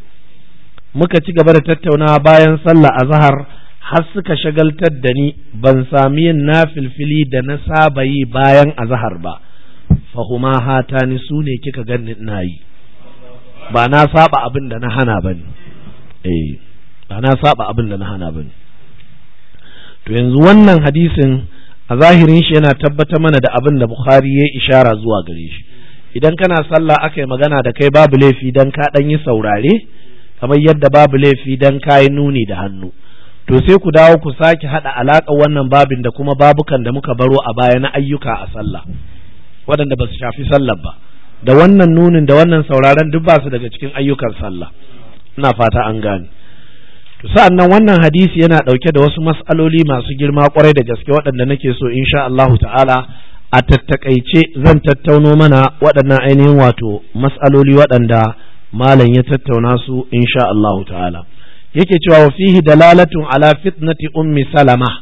muka ci gaba da tattaunawa bayan sallar azhar har suka shagaltar da ni ban sami yin na filfili da na saba yi bayan azahar ba fahuma hata ni su ne kika ganni na yi ba na saba abin da na hana ba eh, ba na saba abin da na hana ba to yanzu wannan hadisin a zahirin shi yana tabbata mana da abin da Bukhari ya ishara zuwa gare shi idan kana sallah aka yi magana da kai babu laifi dan ka dan yi saurare kamar yadda babu laifi dan ka yi nuni da hannu to sai ku dawo ku sake haɗa alaka wannan babin da kuma babukan da muka baro a baya na ayyuka a sallah waɗanda ba su shafi sallah ba da wannan nunin da wannan sauraron duk ba su daga cikin ayyukan sallah ina fata an gane to sa'annan wannan hadisi yana ɗauke da wasu mas'aloli masu girma kwarai da gaske waɗanda nake so insha Allah ta'ala a tattakaice zan tattauno mana waɗannan ainihin wato mas'aloli waɗanda malam ya tattauna su insha Allah ta'ala yake cewa wa fihi dalalatun ala fitnati ummi salama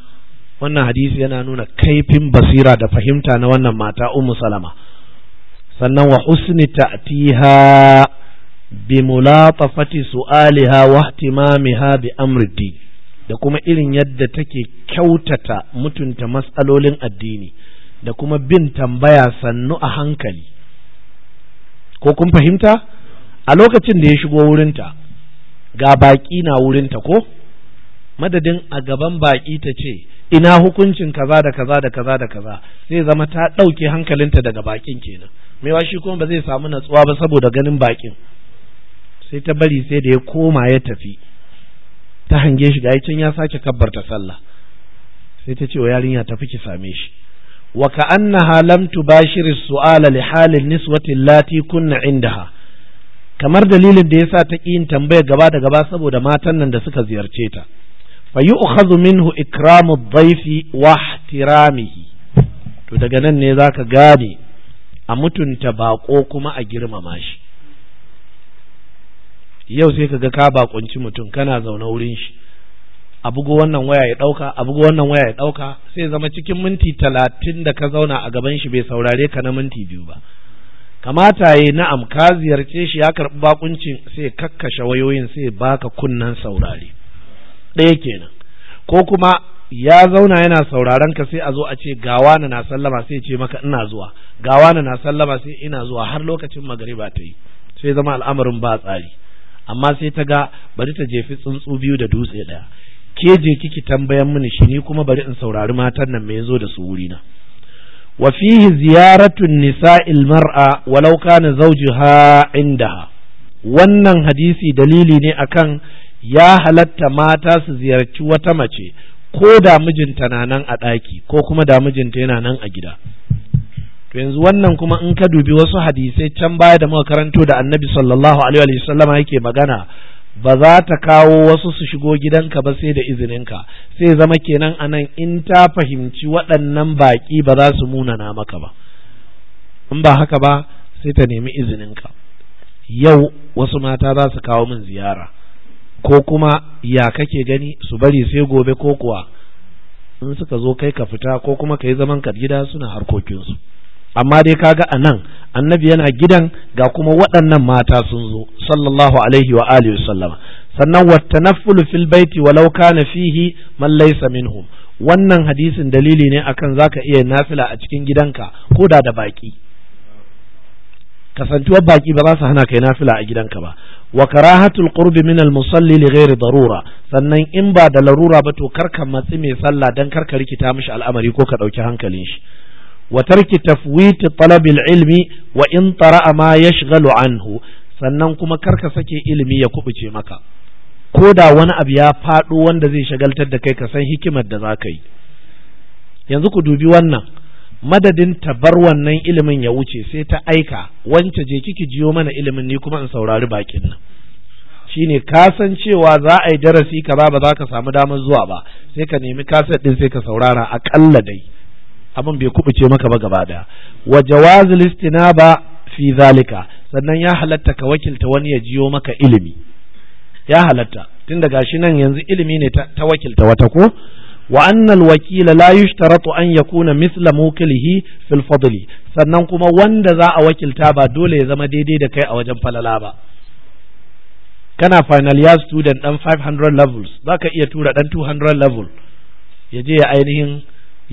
wannan hadisi yana nuna kaifin basira da fahimta na wannan mata ummu salama sannan wa husni ta'tiha bi mulatafati su'aliha wa ihtimamiha bi amri da kuma irin yadda take kyautata mutunta mas'alolin addini da kuma bin tambaya sannu a hankali ko kun fahimta a lokacin da ya shigo wurinta ga baƙi na wurinta ko madadin a gaban baƙi ta ce ina hukuncin kaza da kaza da kaza da kaza zai zama ta ɗauke hankalinta daga baƙin kenan maiwa shi kuma ba zai samu natsuwa ba saboda ganin baƙin sai ta bari sai da ya koma ya tafi ta hange shi gayi can ya sake kabbarta sallah sai ta ce wa yarinya tafi ki same shi wa ka'annaha lam bashirin su'ala lihalin niswatin lati kunna indaha kamar dalilin da ya sa ta yin tambaya gaba da gaba saboda matan nan da suka ziyarce ta fa yu'khadhu minhu ikramu dhayfi wa ihtiramihi to daga nan ne zaka gane a mutunta bako kuma a girmama shi yau sai kaga ka bakunci mutum kana zaune wurin shi a bugo wannan waya ya dauka a bugo wannan waya ya dauka sai zama cikin minti talatin da ka zauna a gaban shi bai saurare ka na minti biyu ba kamata yayi na'am ka ziyarce shi ya karɓi bakuncin sai kakkashe wayoyin sai baka kunnan saurare ɗaya kenan ko kuma ya zauna yana sauraron ka sai a zo a ce gawa na na sallama sai ce maka ina zuwa gawa na na sallama sai ina zuwa har lokacin magariba ta yi sai zama al'amarin ba tsari amma sai ta ga bari ta jefi tsuntsu biyu da dutse ɗaya ke je kiki tambayan mini shi ni kuma bari in saurari matan nan me zo da su wurina وفيه زيارة النساء nisa'il mar'a كان زوجها عندها wannan hadisi dalili ne akan ya halatta mata su ziyarci wata mace ko da mijinta na nan a ɗaki ko kuma da mijinta yana nan a gida to yanzu wannan kuma in ka dubi wasu hadisai can baya da muka karanto da annabi sallallahu alaihi wasallama yake magana ba za ta kawo wasu su shigo gidanka ba sai da izininka sai zama kenan anan in ta fahimci waɗannan baƙi ba za su munana maka ba in ba haka ba sai ta nemi izininka yau wasu mata za su kawo min ziyara ko kuma ya kake gani su bari sai gobe ko kuwa in suka zo kai ka fita ko kuma ka yi zaman gida suna harkokinsu amma dai kaga a nan annabi yana gidan ga kuma waɗannan mata sun zo sallallahu alaihi wa alihi sallama sannan wattanaffulu fil baiti walau kana fihi man laysa minhum wannan hadisin dalili ne akan zaka iya nafila a cikin gidanka ko da da baki kasantuwar baki ba za su hana kai nafila a gidanka ba wa karahatul qurbi min al musalli li ghairi darura sannan in ba da larura ba to karka matsi mai sallah dan karka rikita mishi al'amari ko ka dauki hankalin shi wa tarki tafwiti talabil ilmi wa in tara'a ma yashghalu sannan kuma karka sake ilimi ya kubuce maka ko da wani abu ya faɗo wanda zai shagaltar da kai ka san hikimar da za ka yi yanzu ku dubi wannan madadin ta bar wannan ilimin ya wuce sai ta aika wance je kiki jiyo mana ilimin ni kuma in saurari bakin nan shine ka san cewa za a yi darasi kaza ba za ka samu damar zuwa ba sai ka nemi kaset din sai ka saurara akalla dai abin bai kubuce maka ba gaba daya wa jawazul istinaba fi zalika sannan ya halatta ka wakilta wani ya jiyo maka ilimi ya halatta tun da gashi nan yanzu ilimi ne ta wakilta wata ko wa annal wakila la yushtaratu an yakuna mithla mukilihi fil fadli sannan kuma wanda za a wakilta ba dole ya zama daidai da kai a wajen falala ba kana final year student dan 500 levels zaka iya tura dan 200 level ya je ya ainihin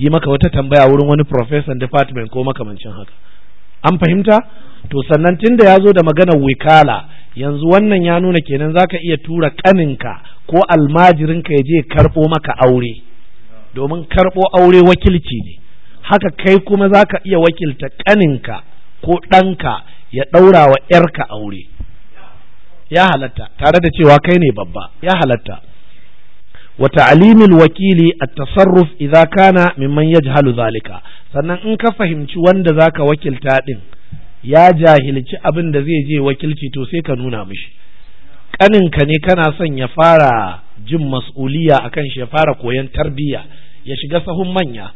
yi maka wata tambaya wurin wani professor department ko makamancin haka an fahimta to sannan da ya zo da maganar wikala yanzu wannan ya nuna kenan zaka iya tura kaninka ko almajirinka ya je karɓo maka aure domin karɓo aure wakilci ne haka kai kuma zaka iya wakilta kaninka ko ɗanka ya ɗaura wa ‘yarka aure ya halatta tare da cewa kai ne babba ya halatta وتعليم الوكيل wakili a tasarruf ممن kana ذلك sannan in ka fahimci wanda za ka wakilta din ya jahilci abin da zai je wakilci to sai ka nuna mishi kaninka ne kana son ya fara jin mas'uliya akan shi ya fara koyon tarbiyya ya shiga sahun manya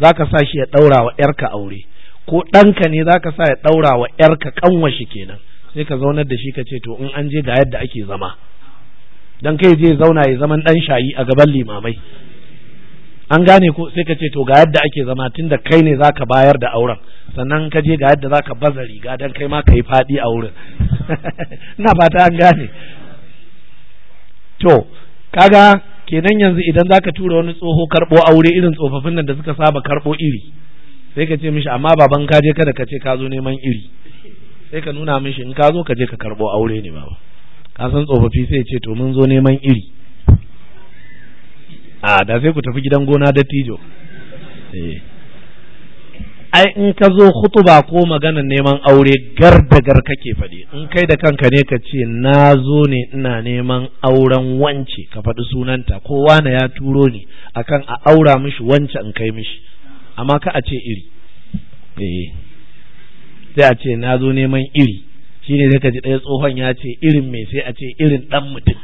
zaka sa shi ya daura wa yarka aure ko ɗanka ne zaka sa ya daura wa yarka kanwa shi kenan sai ka zaunar da shi ka ce to in an je ga yadda ake zama dan kai zai zauna ya zaman dan shayi a gaban limamai an gane ko sai ka ce to ga yadda ake zama da kai ne zaka bayar da auren sannan ka je ga yadda zaka baza riga dan kai ma ka yi fadi a wurin ina fata an gane to kaga kenan yanzu idan zaka tura wani tsoho karbo aure irin tsofaffin nan da suka saba karbo iri sai ka ce mishi amma baban ka je kada ka ce ka zo neman iri sai ka nuna mishi in ka zo ka je ka karbo aure ne baba ka san tsofaffi sai ce to mun zo neman iri a da sai ku tafi gidan gona dattijo eh. ai in ka zo hutuba ko maganar neman aure gar da gar kake faɗi in kai da kanka ne ka ce na zo ne ina neman auren wance ka faɗi sunanta kowa na ya turo ni akan a aura mishi wance in kai mishi amma ka a ce iri eh. sai a ce na zo neman iri Shi ne zai ji ɗaya tsohon ya ce irin me sai a ce irin ɗan mutum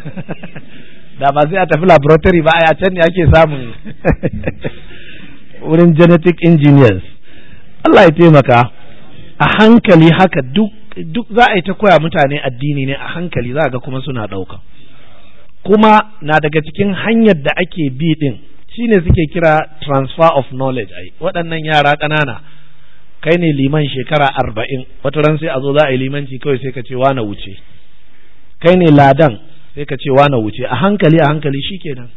da ba sai a tafi laboratory ba a can ne ake samun wurin genetic engineers Allah ya taimaka a hankali haka duk duk za a yi ta koya mutane addini ne a hankali za a ga kuma suna ɗauka kuma na daga cikin hanyar da ake bi ɗin ne suke kira transfer of knowledge ai waɗannan yara ƙanana kai ne liman shekara arba'in wata ran sai a zo za a yi limanci kawai sai ka ce na wuce kai ne ladan sai ka ce na wuce a hankali a hankali shikenan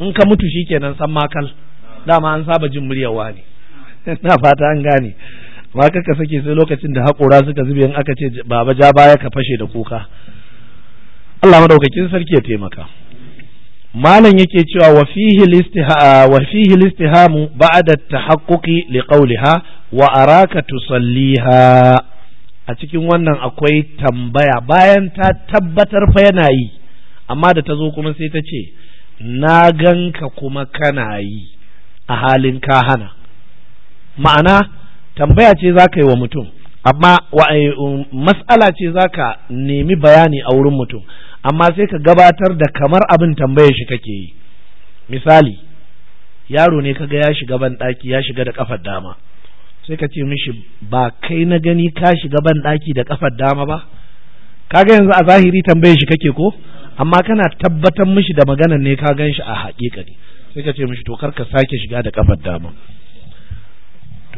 in ka mutu shikenan san makal dama an saba jin muryar ne na fata an gane ba ka sake sai lokacin da haƙora suka zube in aka ce baba ja baya ka fashe da kuka Allah madaukakin sarki ya taimaka malam yake cewa wa fihi listihamu ba'da tahaqquqi liqawliha wa araka tusalliha a cikin wannan akwai tambaya bayan ta tabbatar fa yana yi amma da ta zo kuma sai ta ce na ganka kuma kana yi a halin ka hana ma'ana tambaya ce za ka yi wa mutum amma eh, um, mas'ala ce za ka nemi bayani a wurin mutum amma sai ka gabatar da kamar abin tambayar shi kake yi misali yaro ne kaga ya shiga ban daki ya shiga da kafar dama sai ka ce mishi ba kai na gani ka shiga ban daki da kafar dama ba kaga yanzu a zahiri tambayar shi kake ko amma kana tabbatar mishi da maganar ne ka gan shi a haƙiƙa ne sai ka ce mishi to kar ka sake shiga da kafar dama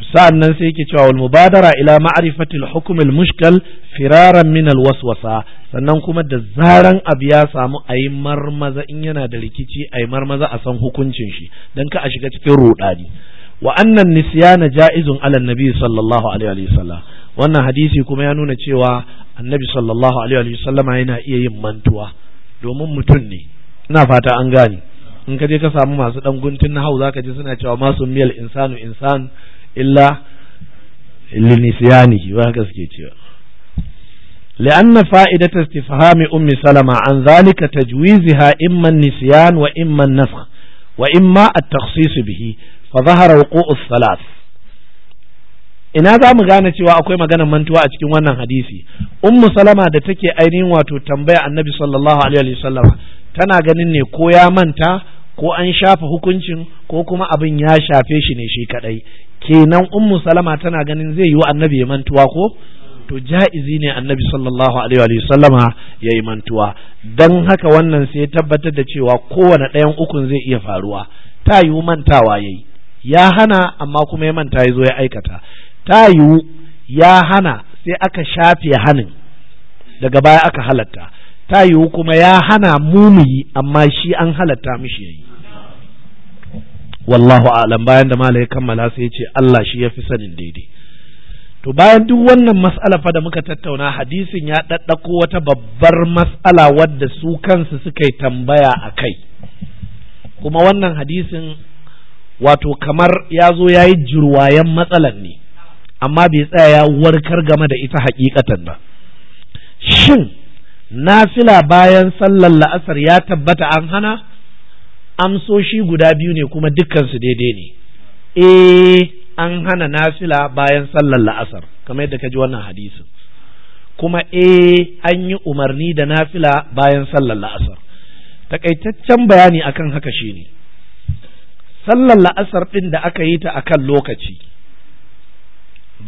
to sa'an nan sai yake cewa wal mubadara ila ma'rifati al hukm al mushkal firaran min al waswasa sannan kuma da zaran abu ya samu ayi marmaza in yana da rikici ayi marmaza a san hukuncin shi dan ka a shiga cikin rudani wa annan nisyana ja'izun ala nabi sallallahu alaihi wa sallam wannan hadisi kuma ya nuna cewa annabi sallallahu alaihi wa sallam yana iya yin mantuwa domin mutum ne ina fata an gane in ka je ka samu masu dan guntun na hau zaka je suna cewa masu miyal insanu insan illa linisiyanihi ba haka suke cewa لأن فائدة استفهام أم سلمة عن ذلك تجويزها إما النسيان وإما النسخ وإما التخصيص به فظهر وقوع الثلاث ina za mu gane cewa akwai maganar mantuwa a cikin wannan hadisi ummu salama da take ainihin wato tambaya annabi sallallahu alaihi tana ganin ne ko ya manta ko an shafa hukuncin ko kuma abin ya shafe shi ne shi kadai kenan ummu salama tana ganin zai yi wa annabi ya mantuwa ko to ja'izi ne annabi sallallahu alaihi wa sallama ya yi mantuwa dan haka wannan sai tabbatar da cewa kowane ɗayan ukun zai iya faruwa ta yiwu mantawa yayi ya hana amma kuma ya manta ya zo ya aikata ta yiwu ya hana sai aka shafe hanin daga baya aka halatta ta yiwu kuma ya hana mumuyi amma shi an halatta mishi yayi wallahu a'lam bayan da malai kammala sai ce Allah shi ya fi sanin daidai to bayan duk wannan mas'ala fa da muka tattauna hadisin ya daddako wata babbar mas'ala wadda su kansu suka yi tambaya a kai kuma wannan hadisin wato kamar ya zo ya yi jirwayen matsalan ne amma bai tsaya ya warkar game da ita hakikatan ba shin nafila bayan sallar la'asar ya tabbata an hana amsoshi guda biyu ne kuma dukkansu daidai ne eh an hana nafila bayan sallar la'asar kamar yadda ka ji wannan hadisin kuma eh an yi umarni da nafila bayan sallar la'asar takaitaccen bayani akan haka shine sallar la'asar ɗin da aka yi ta akan lokaci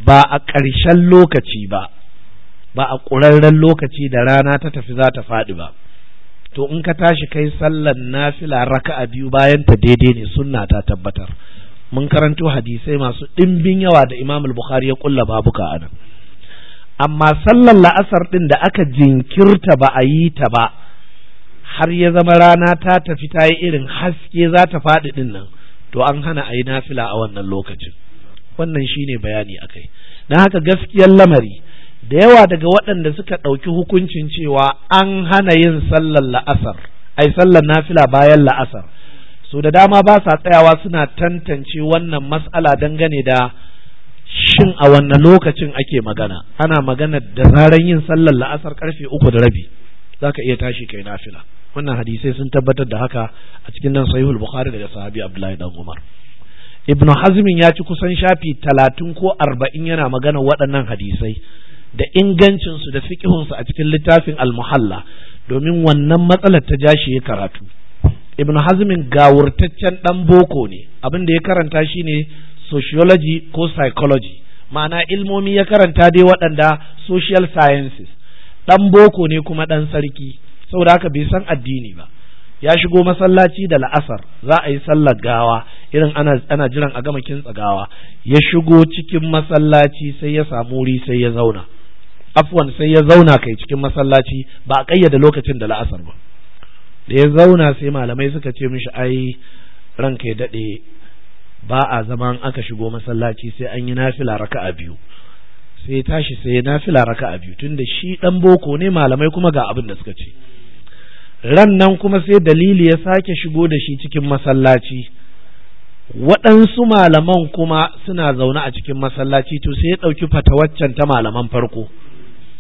ba a ƙarshen lokaci ba ba a ƙurarren lokaci da rana ta tafi za ta faɗi ba to in ka tashi kai sallan nafila raka'a biyu bayan ta daidai ne sunna ta tabbatar mun karanto hadisai masu ɗimbin yawa da Imam bukhari ya kulla babuka anan amma sallan la'asar ɗin da aka jinkirta ba a yi ta ba har ya zama rana ta tafi ta yi irin haske za ta faɗi ɗin nan to an hana a yi nafila a wannan lokacin wannan shine bayani akai dan haka gaskiyar lamari da yawa daga waɗanda suka ɗauki hukuncin cewa an hana yin sallar la'asar ai sallar nafila bayan la'asar so da dama ba sa tsayawa suna tantance wannan mas'ala dangane da shin a wannan lokacin ake magana ana magana da zaran yin sallar la'asar karfe uku da rabi za ka iya tashi kai nafila wannan hadisai sun tabbatar da haka a cikin nan sahihul bukhari daga sahabi abdullahi dan umar ibnu hazmin ya ci kusan shafi talatin ko arba'in yana magana waɗannan hadisai da ingancinsu da fiƙihunsu a cikin littafin almuhalla domin wannan matsalar ta jashi ya karatu ibn hazmin gawurtaccen ɗan boko ne abin da ya karanta shi ne sociology ko psychology ma'ana ilmomi ya karanta dai waɗanda social sciences ɗan boko ne kuma ɗan sarki saboda haka bai san addini ba ya shigo masallaci da la'asar za a yi sallar gawa irin ana, ana jiran a gama kintsa gawa ya shigo cikin masallaci sai ya samu wuri sai ya zauna afwan sai ya zauna kai cikin masallaci ba a kayyada lokacin da la'asar ba da ya zauna sai malamai suka ce mishi ai ranka ya daɗe ba a zaman aka shigo masallaci sai an yi nafila raka'a biyu sai ya tashi sai ya nafila raka'a biyu tunda shi dan boko ne malamai kuma ga abin da suka ce ran nan kuma sai dalili ya sake shigo da shi cikin masallaci waɗansu malaman kuma suna zaune a cikin masallaci to sai ya ɗauki fata ta malaman farko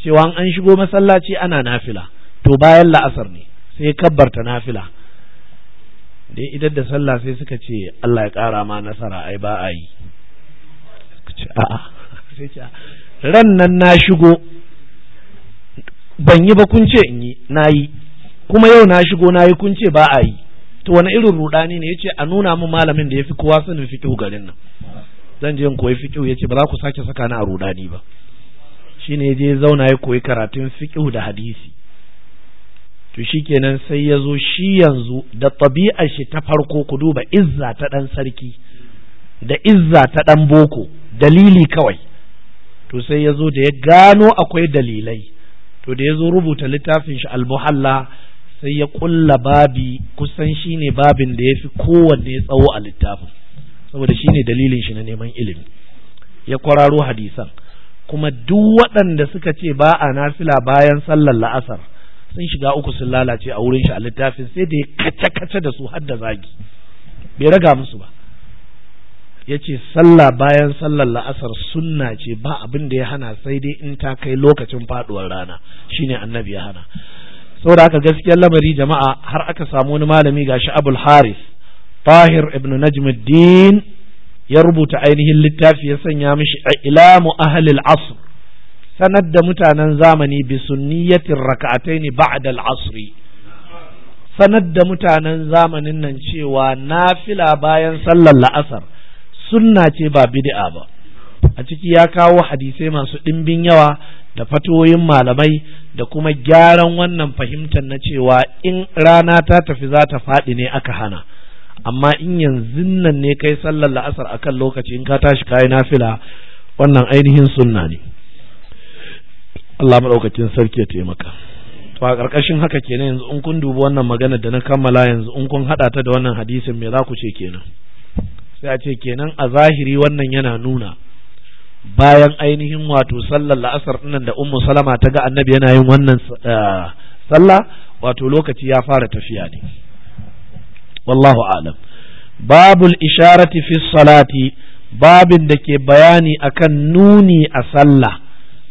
cewa an shigo masallaci ana nafila to bayan la'asar ne sai kabbarta nafila dai idan da sallah sai suka ce Allah ya ƙara ma nasara ai ba a yi ran nan na shigo ban yi ba kun ce in yi na yi kuma yau na shigo na yi kun ce ba a yi to wani irin rudani ne yace a nuna min malamin da ya fi kowa sanin fitu garin nan zan je in koyi ya ce ba za ku sake saka ni a rudani ba shine ya je zauna ya koyi karatun fiƙihu da hadisi to shikenan sai ya zo shi yanzu da tabi'ar shi ta farko ku duba izza ta ɗan sarki da izza ta ɗan boko dalili kawai to sai ya zo da ya gano akwai dalilai to da ya zo rubuta littafin shi almuhalla sai ya ƙulla babi kusan shi ne babin da ya fi kowanne tsawo a littafin saboda shi ne dalilin shi na neman ilimi ya kwararo hadisan kuma duk waɗanda suka ce ba a nafila bayan sallar la'asar sun shiga uku sun lalace a wurin shi a littafin sai da ya kace-kace da su har da zagi bai raga musu ba ya ce sallah bayan sallar la'asar sunna ce ba abin da ya hana sai dai in ta kai lokacin faduwar rana shine annabi ya hana saboda haka gaskiyar lamari jama'a har aka samu wani malami gashi abul haris tahir ibn najmuddin ya rubuta ainihin littafi ya sanya mishi ilamu ahlil asr sanar da mutanen zamani bi sunniyatin raka'ataini ba'da al sanar da mutanen zamanin nan cewa nafila bayan sallar la'asar sunna ce ba bid'a ba a ciki ya kawo hadisai masu ɗimbin yawa da fatoyin malamai da kuma gyaran wannan fahimtar na cewa in rana ta tafi za ta faɗi ne aka hana amma in yanzu nan ne kai sallar la'asar a kan lokaci in ka tashi kayi nafila wannan ainihin sunna ne Allah maɗaukacin sarki ya taimaka to a ƙarƙashin haka kenan yanzu in kun dubi wannan magana da na kammala yanzu in kun haɗa ta da wannan hadisin me za ku ce kenan sai a ce kenan a zahiri wannan yana nuna bayan ainihin wato sallar la'asar nan da ummu salama ta ga annabi yana yin wannan eh, sallah wato lokaci ya fara tafiya ne wallahu a'lam babul isharati fi salati babin da ke bayani akan nuni a sallah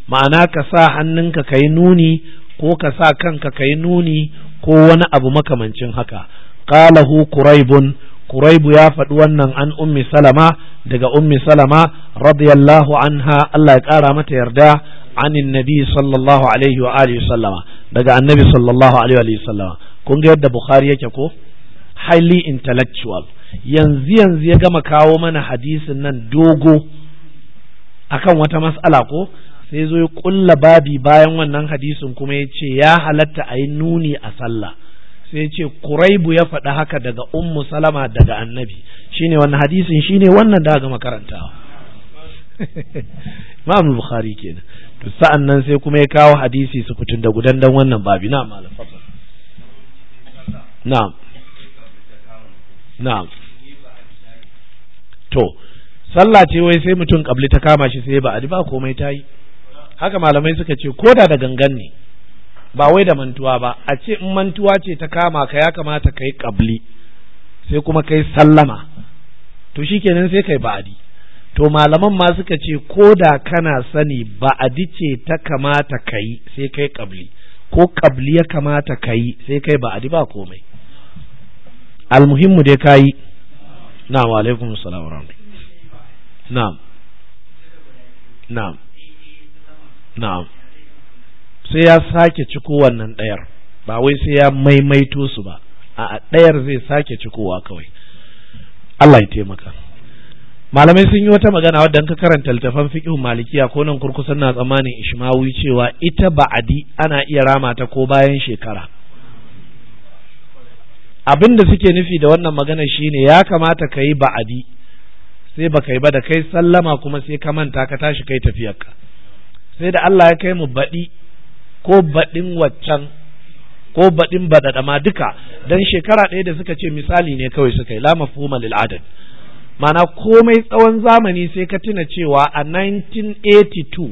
ma'ana ka sa hannunka ka nuni ko ka sa kanka ka nuni ko wani abu makamancin haka qalahu quraibun quraibu ya faɗi wannan an ummi salama daga ummi salama radiyallahu anha Allah ya ƙara mata yarda anin sallallahu alaihi wa alihi sallama daga annabi sallallahu alaihi wa alihi sallama kun ga yadda bukhari yake ko highly intellectual yanzu yanzu ya gama kawo mana hadisin nan dogo akan wata mas'ala ko sai zo ya kulla babi bayan wannan hadisin kuma ya ce ya halatta a yi nuni a sallah sai ce kuraibu ya faɗi haka daga ummu salama daga annabi shine wannan hadisin shine wannan da gama karantawa imam bukhari kenan to sa'an nan sai kuma ya kawo hadisi su fitun da gudan wannan babi na malam na'am na'am to sallah ce wai sai mutum kabli ta kama shi sai ba a ba komai ta yi haka malamai suka ce ko da da gangan ne ba wai da mantuwa ba a ce in mantuwa ce ta kama ka ya kamata ka yi kabli sai kuma ka sallama to shikenan sai kai ba'adi to malaman ma suka ce ko da kana sani ba'adi ce ta kamata ka yi sai ka yi kabli ko kabli ya kamata ka yi sai kai yi ba'adi ba komai almuhimmu dai kayi na'am wa alaikum na'am sai ya sake ciko wannan ɗayar ba wai sai ya maimaito su ba a ɗayar zai sake cikowa kawai Allah ya taimaka malamai sun yi wata magana wadda ka karanta littafan fiqh malikiya ko nan kurkusan na tsammanin ishmawi cewa ita ba'adi ana iya rama ta ko bayan shekara abin da suke nufi da wannan magana shine ya kamata ka yi ba'adi sai ba kai ba da kai sallama kuma sai ka manta ka tashi kai tafiyarka sai da Allah ya kai mu baɗi ko baɗin waccan ko baɗin baɗaɗama duka don shekara ɗaya da suka ce misali ne kawai suka yi lama fuma lil'adad mana komai tsawon zamani sai ka tuna cewa a 1982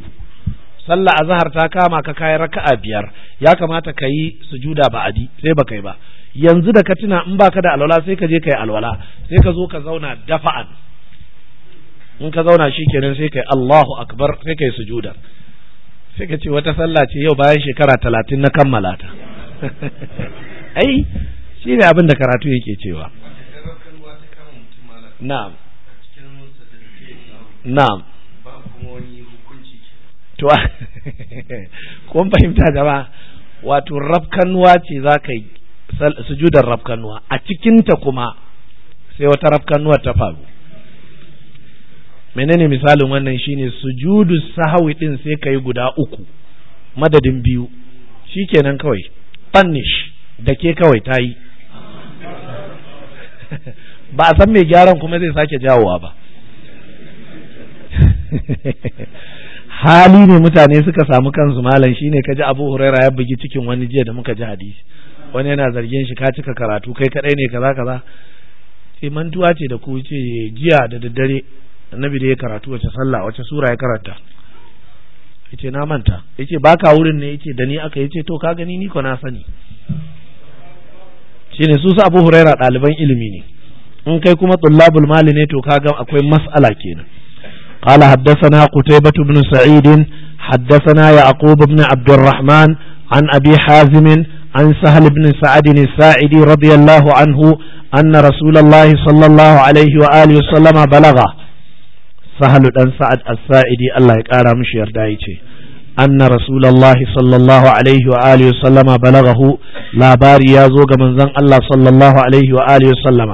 sallah Azahar ta kama ka kayi raka'a biyar ya kamata ka yi sujuda ba'adi sai ba kai ba yanzu da ka tuna in baka da alwala sai ka je kai alwala sai ka zo ka zauna dafa'an in ka zauna shikenan sai kai Allahu akbar sai kai sujuda sai ka ce wata sallah ce yau bayan shekara talatin na kammala ta ai shi ne abin da karatu yake cewa na'am na'am kun fahimta jama'a wato rafkanuwa ce za ka yi sujudar rafkanuwa a cikinta kuma sai wata rafkanuwa ta faru menene misalin wannan shine sujudu sahawi din sai ka yi guda uku madadin biyu shi shikenan kawai punish da ke kawai ta yi ba a san mai gyaran kuma zai sake jawowa ba hali ne mutane suka samu kansu malam shine kaji abu huraira ya bugi cikin wani jiya da muka ji hadisi wani yana zargin shi ka cika karatu kai kadai ne kaza kaza ce mantuwa ce da ku ce jiya da daddare annabi da ya karatu wace sallah wace sura ya karanta yace na manta yace baka wurin ne yace da ni aka yace to ka gani ni ko na sani shine su su Abu Huraira daliban ilimi ne in kai kuma tullabul mali ne to kaga akwai mas'ala kenan قال حدثنا قتيبة بن سعيد حدثنا يعقوب بن عبد الرحمن عن أبي حازم عن سهل بن سعد الساعدي رضي الله عنه أن رسول الله صلى الله عليه وآله وسلم بلغه سهل بن سعد الساعدي الله يقارى مش يردائي أن رسول الله صلى الله عليه وآله وسلم بلغه لا باري يازوغ من زن الله صلى الله عليه وآله وسلم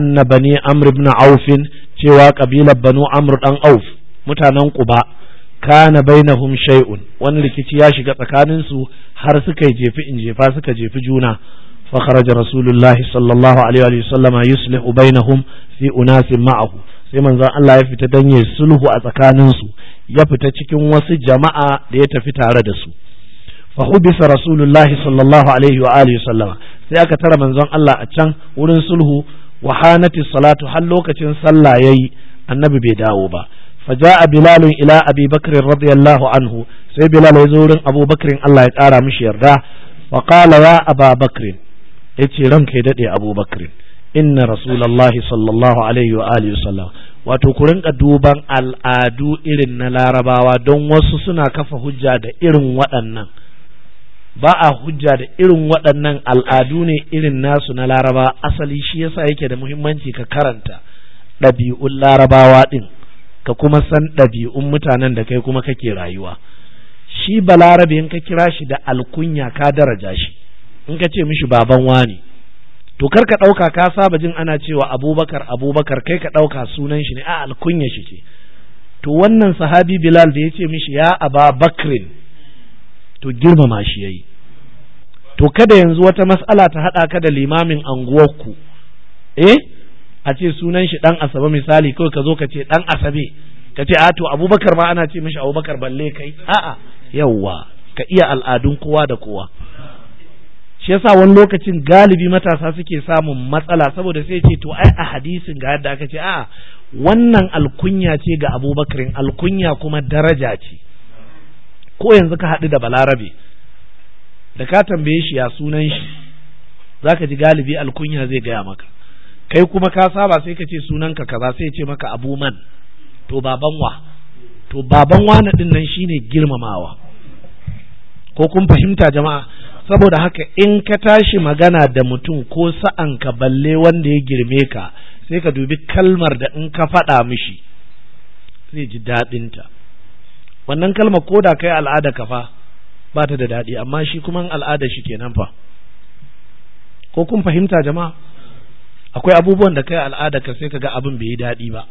أن بني أمر بن عوف cewa kabilar banu amr dan auf mutanen quba kana bainahum shay'un wani rikici ya shiga tsakanin su har suka jefi in jefa suka jefi juna fa kharaja rasulullahi sallallahu alaihi wa sallama yuslihu bainahum fi unasin ma'ahu sai manzon Allah ya fita dan yayi sulhu a tsakanin su ya fita cikin wasu jama'a da ya tafi tare da su fa hubisa rasulullahi sallallahu alaihi wa alihi sallama sai aka tara manzon Allah a can wurin sulhu wa hanati salatu har lokacin sallah yayi annabi bai dawo ba فجاء بلال ila abi بكر radiyallahu anhu sai bilal ya zo wurin بكر الله Allah ya tsara mishi yarda wa بكر ya aba bakrin yace بكر ya dade الله صلى الله عليه sallallahu وسلم wato ku rinka duban al'adu irin na larabawa don wasu suna kafa hujja da irin waɗannan ba a hujja da irin waɗannan al'adu ne irin nasu na laraba asali shi yasa yake da muhimmanci ka karanta ɗabi'un larabawa ɗin ka kuma san ɗabi'un mutanen da kai kuma kake rayuwa shi balarabe in ka kira shi da alkunya ka daraja shi in ka ce mishi baban wani to kar ka ɗauka ka saba jin ana cewa abubakar abubakar kai ka ɗauka sunan shi ne a alkunya shi ce to wannan sahabi bilal da ya ce mishi ya aba bakrin to girmama shi yayi to kada yanzu wata mas'ala ta haɗa ka da limamin anguwarku eh a ce sunan shi dan asabe misali kawai ka zo ka ce dan asabe ka ce a to abubakar ma ana ce mishi abubakar balle kai a'a yawwa ka iya al'adun kowa da kowa shi yasa wani lokacin galibi matasa suke samun matsala saboda sai ce to ai a hadisin ga yadda aka ce a'a wannan alkunya ce ga abubakarin alkunya kuma daraja ce ko yanzu ka haɗu da balarabe da ka tambaye shi ya sunan shi zaka ji galibi alkunya zai gaya maka kai kuma ka saba sai ka ce sunanka kaza sai ce maka abu man to baban wa to baban na din nan shine girmamawa ko kun fahimta jama'a saboda haka in ka tashi magana da mutum ko sa'an ka balle wanda ya girme ka sai ka dubi kalmar da in ka faɗa mishi zai ji daɗinta wannan kalmar ko da kai al'ada ka fa ba ta da daɗi amma shi kuma al'ada shi kenan fa ko kun fahimta jama'a akwai abubuwan da kai al'ada ka sai kaga abin bai yi daɗi ba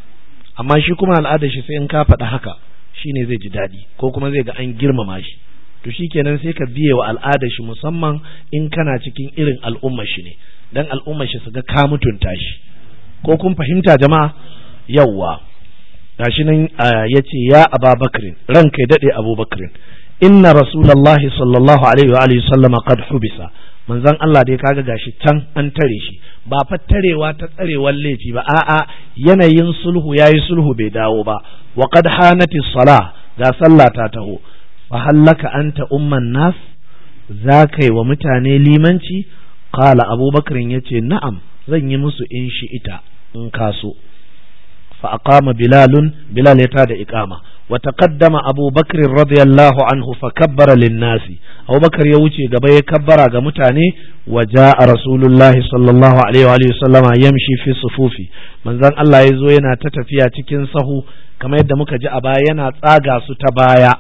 amma shi kuma al'adar shi sai in ka faɗa haka shi ne zai ji daɗi ko kuma zai ga an girmama shi to shi shikenan sai ka biye wa al'adar shi musamman in kana cikin irin al'ummar shi ne dan al'ummar shi su ga ka mutunta shi ko kun fahimta jama'a yawwa gashi nan yace ya ababakrin ranka ya dade abubakrin inna rasulullahi sallallahu alaihi wa alihi sallama qad hubisa manzon Allah dai kaga gashi can an tare shi ba fa tarewa ta tsarewar laifi ba a'a yanayin sulhu yayi sulhu bai dawo ba wa qad hanati sala ga sallah ta taho fa hallaka anta umman nas zakai wa mutane limanci qala abubakar yace na'am zan yi musu in shi ita in kaso fa aqama bilalun bilal ya tada iqama wa taqaddama abu bakr radiyallahu anhu fa kabbara lin nasi ya wuce gaba ya kabbara ga mutane wa a rasulullahi sallallahu alaihi wa alihi sallama yamshi fi sufufi manzon Allah ya zo yana ta tafiya cikin sahu kamar yadda muka ji a baya yana tsaga su ta baya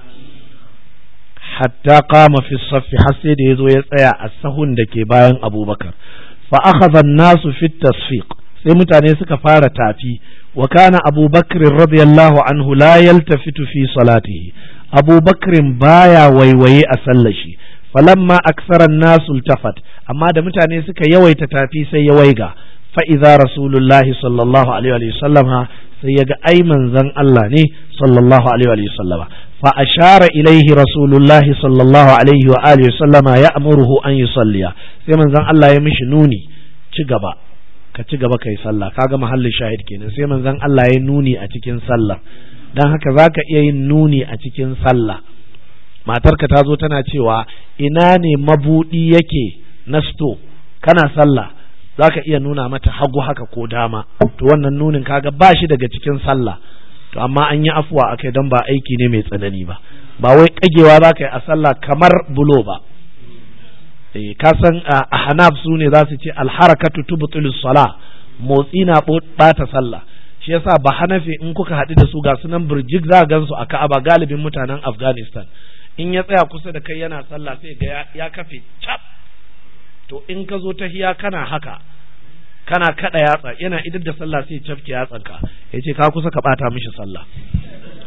hatta qama fi saffi har sai da ya zo ya tsaya a sahun da ke bayan abubakar fa akhadha an-nasu fi tasfiq sai mutane suka fara tafi wa kana abubakar radiyallahu anhu la yaltafitu fi salatihi abubakar baya waiwaye a sallashi shi falamma aksaran nasul tafat amma da mutane suka yawaita tafi sai ya waiga fa idza rasulullahi sallallahu alaihi wa sallama sai yaga ai manzon Allah ne sallallahu alaihi wa sallama fa ashara ilaihi rasulullahi sallallahu alaihi wa alihi sallama ya'muruhu an yusalliya sai manzon Allah ya mishi nuni ci gaba ka ci gaba kai sallah kaga mahallin shahid kenan sai manzon Allah ya nuni a cikin sallah dan haka zaka iya yin nuni a cikin sallah matarka ta zo tana cewa ina ne mabudi yake na sto kana sallah zaka iya nuna mata hagu haka ko dama to wannan nunin kaga ba shi daga cikin sallah to amma an yi afuwa akai don ba aiki ne mai tsanani ba ba wai kagewa zaka yi a sallah kamar bulo ba Eh, san a ahnaf su ne za su ce alharakatu tubtilu sala motsi na bata sallah shi yasa ba hanafi in kuka haɗu da su ga sunan birjik za a gansu a ka'aba galibin mutanen afghanistan in ya tsaya kusa da kai yana sallah sai ga ya kafe cap to in ka zo ta hiya kana haka kana kada yatsa yana idar da sallah sai cafke yatsanka ya ce ka kusa ka bata mishi sallah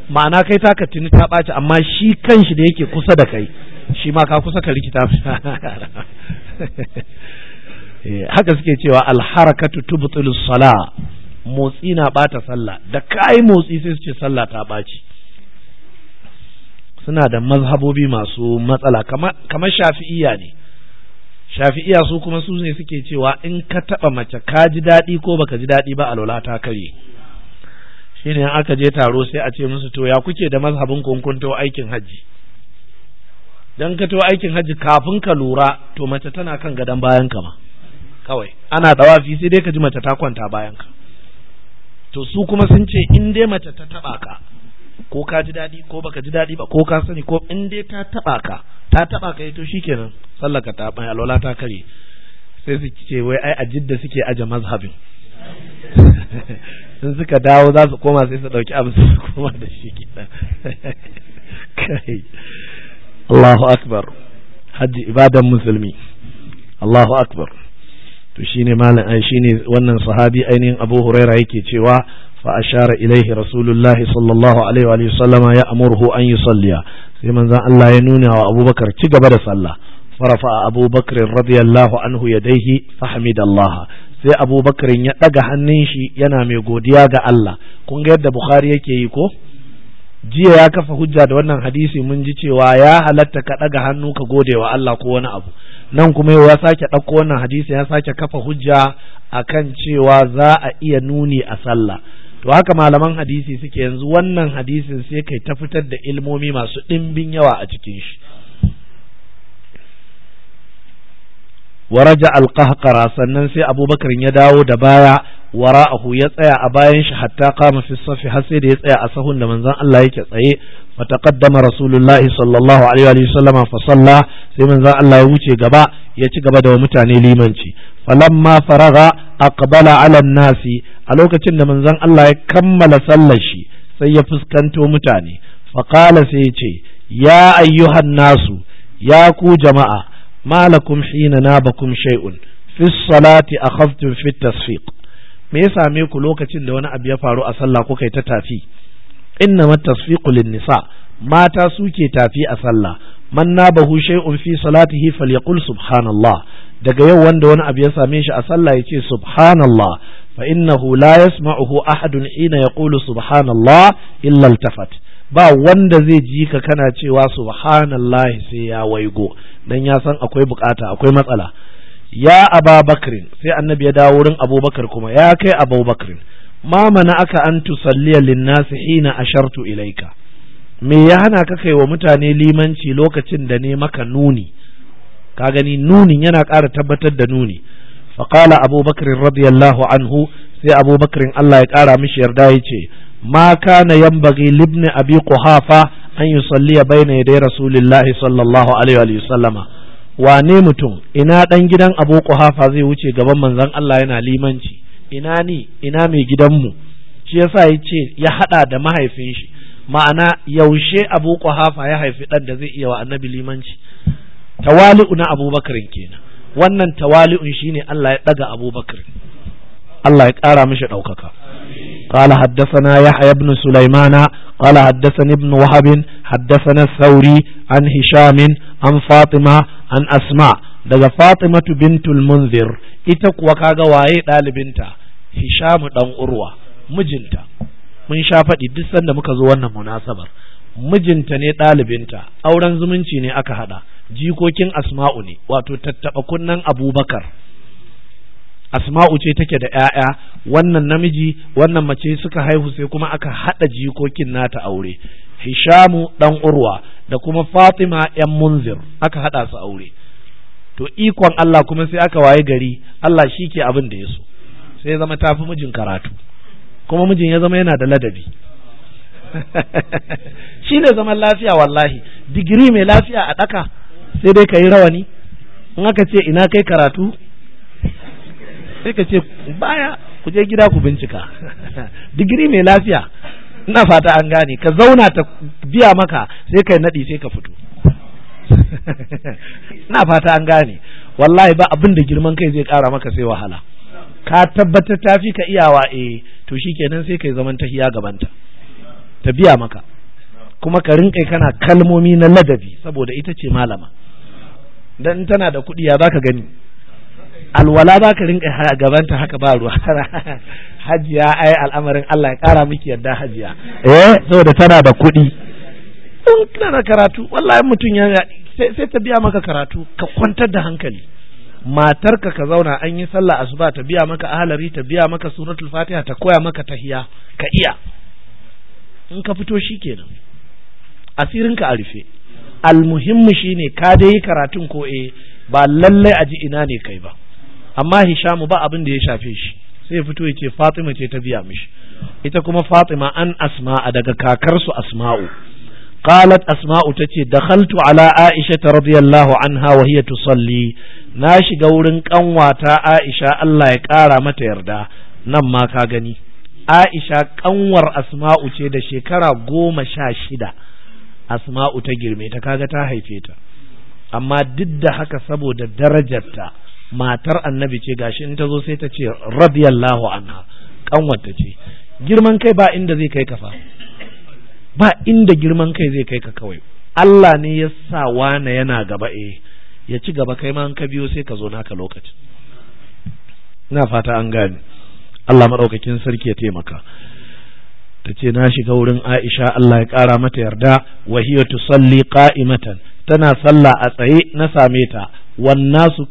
ma'ana kai taka tuni ta ɓaci amma shi kanshi da yake kusa da kai shi ma ka kusa ka rikita eh, haka suke cewa alharakatu tubtilu sala motsi na bata sallah da kai motsi sai su ce sallah ta baci suna da mazhabobi masu matsala kamar shafi'iya ne shafi'iya su kuma su ne suke cewa in ka taba mace ka ji daɗi ko baka ji daɗi ba alwala ta kare shine aka je taro sai a ce musu to ya kuke da mazhabin kunkunto aikin hajji dan ka to aikin hajji kafin ka lura to mace tana kan gadon bayan ka ma kawai ana dawafi sai dai ka ji mace ta kwanta bayan ka to su kuma sun ce in dai mace ta taba ka ko ka ji daɗi ko baka ji daɗi ba ko ka sani ko in dai ta taba ka ta taba ka to shikenan sallaka ta bai alwala ta kare sai su ce wai ai a jidda suke aje mazhabin in suka dawo za su koma sai su dauki abu su koma da shi kai Allahu akbar hajji ibadan musulmi Allahu akbar to shine malam ai shine wannan sahabi ainihin Abu Huraira yake cewa fa ashara ilaihi rasulullahi sallallahu alaihi wa sallama ya amurhu an yusalliya sai manzon Allah ya nuna wa Abubakar ci gaba da sallah فرفع أبو بكر anhu الله عنه يديه فحمد الله sai Abu ya ɗaga hannun shi yana mai godiya ga Allah kun ga yadda Bukhari yake yi ko jiya ya kafa hujja da wannan hadisi mun ji cewa ya halatta ka ɗaga hannu ka gode wa Allah ko wani abu nan kuma ya sake ɗauko wannan hadisi ya sake kafa hujja akan cewa za a iya nuni a sallah to haka malaman hadisi suke yanzu wannan hadisin sai kai ta fitar da ilmomi masu ɗimbin yawa a cikin shi waraja raja alqahqara sannan sai abubakar ya dawo da baya wara'ahu ya tsaya a bayan shi hatta kama fi safi har sai da ya tsaya a sahun da manzon Allah yake tsaye fataqaddama rasulullahi sallallahu alaihi wa sallama fa salla sai manzon Allah ya wuce gaba ya ci gaba da mutane limanci falamma faraga aqbala ala nasi a lokacin da manzon Allah ya kammala sallar shi sai ya fuskanto mutane faqala sai ya ce ya ayyuhan nasu ya ku jama'a malakum hina nabakum shay'un fi salati akhaftum fi tasfiq me ya same ku lokacin da wani abu ya faru a sallah kuka yi ta tafi inna matasfiqu lin nisa mata suke tafi a sallah man nabahu shay'un fi salatihi falyaqul subhanallah daga yau wanda wani abu ya same shi a sallah ya ce subhanallah fa innahu la yasma'uhu ahadun ina yaqulu subhanallah illa laltafat. ba wanda zai ji ka kana cewa subhanallahi sai ya waigo dan ya san akwai bukata akwai matsala ya ababakrin sai annabi ya dawo wurin abubakar kuma ya kai Abubakar. ma mana aka an tusalliya linnasi hina ashartu ilaika me ya hana ka kai wa mutane limanci lokacin da ne maka nuni ka gani nunin yana ƙara tabbatar da nuni faqala abubakar radiyallahu anhu sai abubakar Allah ya ƙara mishi yarda ya ce Maka na yanbaghi libni abi quhafa an yusalliya baina yaday rasulillahi sallallahu alaihi wa وسلم wane mutum ina dan gidan abu quhafa zai wuce gaban manzon Allah yana limanci ina ni ina mai gidanmu shi yasa yace ya haɗa da mahaifin shi ma'ana yaushe abu quhafa ya haifi dan da zai iya wa annabi limanci tawali'u na abubakar kenan wannan tawali'un shine Allah ya ɗaga abubakar Allah ya ƙara mishi ɗaukaka قال حدثنا يحيى بن سليمان قال حدثني ابن وهب حدثنا الثوري عن هشام عن فاطمة عن Asma. daga Fatimatu bin Munzir ita kuwa kaga waye ɗalibinta Hishamu dan Urwa mijinta mun sha faɗi duk sanda muka zo wannan munasabar mijinta ne ɗalibinta auren zumunci ne aka haɗa jikokin asma'u ne wato tattaɓa kunnan abubakar asma'u ce take da ‘ya'ya wannan namiji wannan mace suka haihu sai kuma aka haɗa jikokin nata aure hishamu ɗan urwa da kuma fatima ‘yan munzir aka haɗa su aure to ikon Allah kuma sai aka waye gari Allah shi ke abin da ya so sai ya zama tafi mijin karatu kuma mijin ya zama yana da ladabi shi ne zaman lafiya wallahi digiri mai lafiya a ɗaka sai dai ka yi rawani in aka ce ina kai karatu sai ka ce baya ku je gida ku bincika digiri mai lafiya ina fata an gane ka zauna ta biya maka sai kai nadi sai ka fito ina fata an gane wallahi ba abin da girman kai zai kara maka sai wahala ka tabbatar ta fi ka iyawa eh to shikenan sai kai zaman hiya gabanta ta biya maka kuma ka rinƙai kana kalmomi na ladabi saboda ita ce malama dan tana da kuɗi ya zaka gani alwala za ka rinka gabanta haka ba ruwa hajiya ai al'amarin Allah ya kara miki yadda hajiya eh saboda tana da kuɗi in kana karatu wallahi mutum ya sai ta biya maka karatu ka kwantar da hankali matarka ka zauna an yi sallah asuba ta biya maka ahlari ta biya maka suratul fatiha ta koya maka tahiya ka iya in ka fito shikenan asirinka a rufe almuhimmi shine ka dai karatun ko eh ba lallai a ji ina ne kai ba amma hishamu ba abin da ya shafe shi sai ya fito ya ce fatima ce ta biya mishi ita kuma fatima an asma'a daga kakarsu asma'u qalat asma'u tace dakhaltu ala aisha radiyallahu anha wa hiya tusalli na shiga wurin kanwata aisha Allah ya kara mata yarda nan ma ka gani aisha kanwar asma'u ce da shekara goma sha shida asma'u ta girme ta kaga ta haife ta amma duk da haka saboda darajarta matar annabi ce gashi in ta zo sai ta ce radiyallahu anha kanwarta ce girman kai ba inda zai kai ka fa ba inda girman kai zai kai ka kawai Allah ne ya sa wane yana gaba eh ya ci gaba kai ma an ka biyo sai ka zo naka lokaci ina fata an gane Allah maɗaukakin sarki ya taimaka ta ce na shiga wurin Aisha Allah ya kara mata yarda wa hiya tusalli qa'imatan tana sallah a tsaye na same ta wan nasu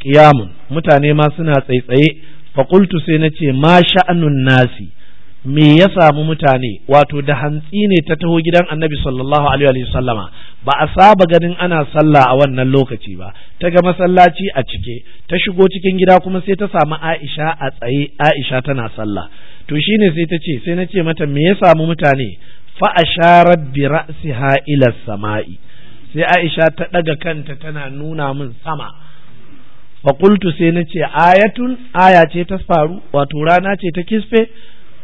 mutane ma suna tsaitsaye fa qultu sai nace ma sha'anun nasi me ya samu mutane wato da hantsi ne ta taho gidan annabi sallallahu alaihi wa sallama ba a saba ganin ana sallah a wannan lokaci ba ta ga masallaci a cike ta shigo cikin gida kuma sai ta samu Aisha a tsaye Aisha tana sallah to shine sai ta ce sai na ce mata me ya samu mutane fa asharat bi ra'siha ila samai sai Aisha ta daga kanta tana nuna min sama fa qultu sai nace ayatun aya ce ta faru wato rana ce ta kisfe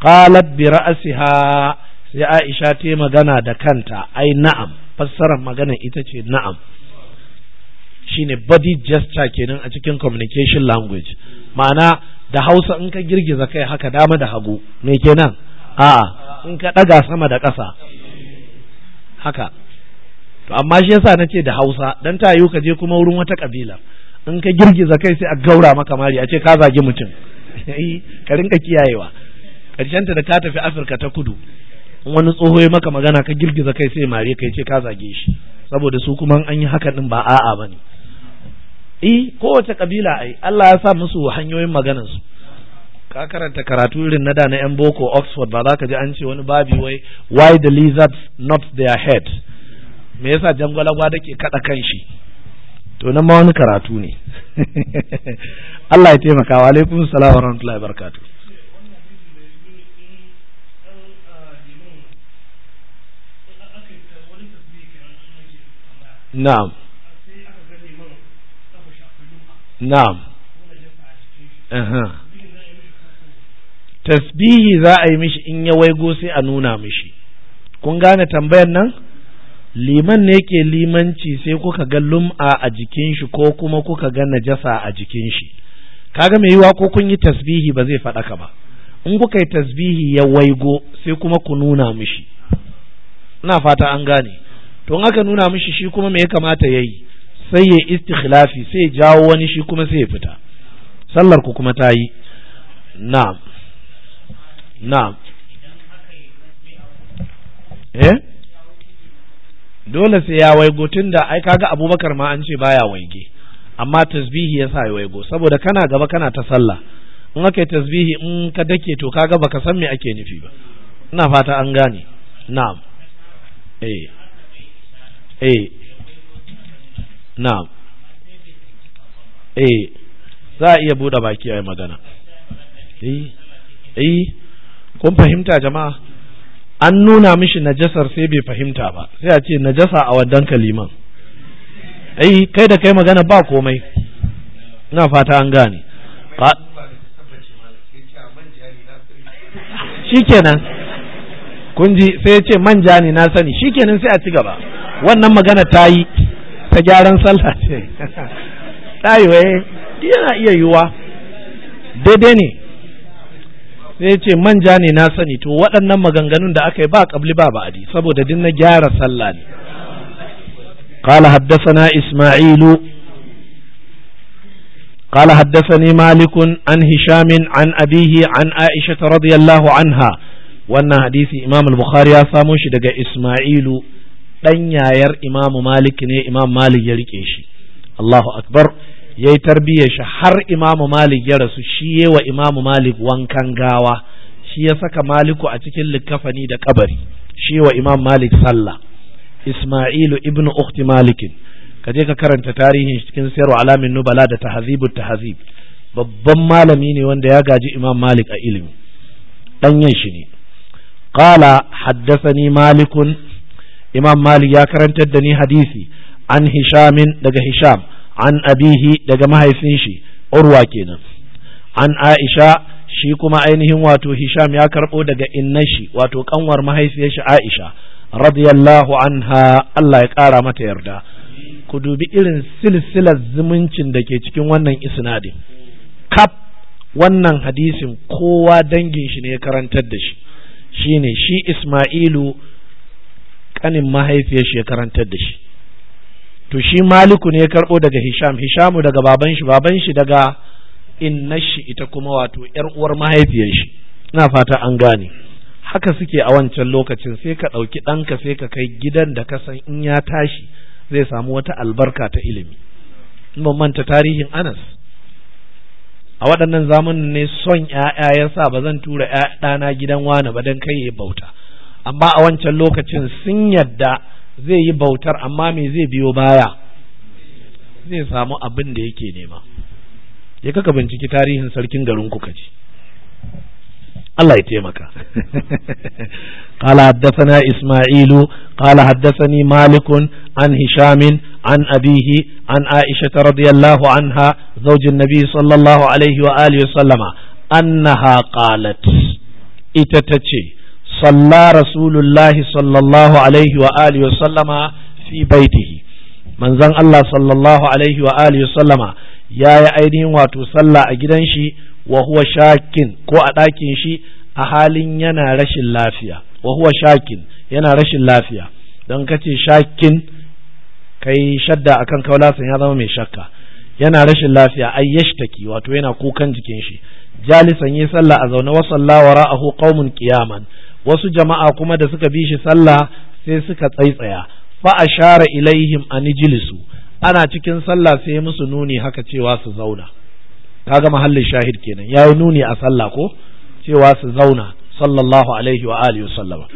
qalat bi ra'siha sai Aisha ta magana da kanta ai na'am fassara magana ita ce na'am shine body gesture kenan a cikin communication language ma'ana da hausa in ka girgiza kai haka dama da hagu me kenan a'a in ka ɗaga sama da ƙasa haka to amma shi yasa nace da hausa dan ta ka je kuma wurin wata kabila in ka girgiza kai sai a gaura maka mari a ce ka zagi mutum ka rinka kiyayewa ta da ka tafi afirka ta kudu wani tsoho ya maka magana ka girgiza kai sai mare kai ce ka zage shi saboda su kuma an yi haka din ba a'a bane eh kowace kabila ai Allah ya sa musu hanyoyin maganar su ka karanta karatu irin na da na yan boko Oxford ba za ka ji an ce wani babi wai why the lizards not their head me yasa jangwalagwa ke kada kan shi to nan ma wani karatu ne Allah ya taimaka wa alaikum salam wa rahmatullahi wa barakatuh na'am na'am tasbihi za a yi mishi in ya waigo sai a nuna mishi kun gane tambayan nan liman ne yake limanci sai kuka ga lum'a a jikin shi ko kuma kuka ga najasa a jikin shi kaga mai yiwa ko kun yi tasbihi ba zai faɗaka ba in kuka yi tasbihi ya waigo sai kuma ku nuna mishi ina fata an gane to in aka nuna mishi shi kuma me ya kamata ya yi sai ya istikhlafi sai jawo wani shi kuma sai ya fita sallar ku kuma ta yi na'am na'am eh dole sai ya waigo tunda ai kaga abubakar ma an ce baya waige amma tasbihi ya sa ya waigo saboda kana gaba kana ta sallah in aka yi tasbihi in ka dake to kaga baka san me ake nufi ba ina fata an gane na'am eh eh na'am eh za a iya buɗe baki a magana eh eh kun fahimta jama'a an nuna mishi najasar sai bai fahimta ba sai a ce najasa a waddan kaliman ai kai da kai magana ba komai ina fata an gane shikenan kun ji sai ya ce manja ne na sani shikenan sai a ci gaba wannan magana ta yi ta gyaran sallah ce ta yi yana iya yiwuwa daidai ne sai ce manja ne na sani to waɗannan maganganun da aka yi ba kabli ba ba'adi saboda din na gyara sallah ne قال حدثنا إسماعيل قال حدثني مالك عن هشام عن أبيه عن عائشة رضي الله عنها وأن حديث إمام البخاري ساموش دقى إسماعيل ɗan yayar imamu malik ne imam malik ya rike shi Allahu akbar ya yi tarbiyyar shi har imamu malik ya rasu shi yi wa imamu malik wankan gawa shi ya saka maliku a cikin likafani da kabari shi wa imam malik sallah ismailu ibn ukhti malikin ka je ka karanta tarihin cikin sayarwa alamin nubala da Tahazibu tahzib babban malami ne wanda ya gaji imam malik a ilimi danyen shi ne qala haddathani malikun imam malik ya karantar da ni hadisi an hishamin daga hisham an abihi daga mahaifin shi urwa kenan an aisha shi kuma ainihin wato hisham ya karɓo daga innashi wato kanwar mahaifiyar shi aisha radiyallahu anha Allah ya kara mata yarda ku dubi irin silsilar zumuncin da ke cikin wannan isnadin kaf wannan hadisin kowa dangin shi ne ya karantar da shi shine shi Isma'ilu kanin mahaifiyar shi ya karantar da shi to shi maliku ne ya karɓo daga hisham hishamu daga baban shi baban shi daga innashi ita kuma wato yar uwar mahaifiyar shi ina fata an gane haka suke a wancan lokacin sai ka ɗauki ɗanka sai ka kai gidan da ka san in ya tashi zai samu wata albarka ta ilimi manta tarihin anas a waɗannan zamanin ne son ‘ya'ya ya sa ba zan tura ɗana gidan wani ba don kai bauta amma a wancan lokacin sun yadda zai yi bautar amma me zai biyo baya zai samu abin da yake nema ya ka binciki tarihin sarkin garin ka ji Allah ya taimaka qala haddathana isma'ilu qala haddathani malikun an hishamin an abihi an aisha radiyallahu anha zawjin nabi sallallahu alaihi wa wa sallama annaha qalat ita tace صلى رسول الله صلى الله عليه وآله وسلم في بيته من زن الله صلى الله عليه وآله وسلم يا يا أيدين واتو صلى أجدن شي وهو شاكن كو أتاكن شي أهالين ينا رش اللافية وهو شاكن ينا رش اللافية دون كتي شاكن kai shadda akan kaulasan ya zama mai shakka yana rashin lafiya ai yashtaki wato yana kukan jikin shi jalisan yi sallah a zaune wa sallah a qaumun qiyaman wasu jama'a kuma da suka bi shi sallah sai suka tsaitsaya fa ashara ilaihim an jilisu ana cikin sallah sai musu nuni haka cewa su zauna kaga mahallin shahid kenan yayi nuni a sallah ko cewa su zauna sallallahu alaihi wa alihi wasallama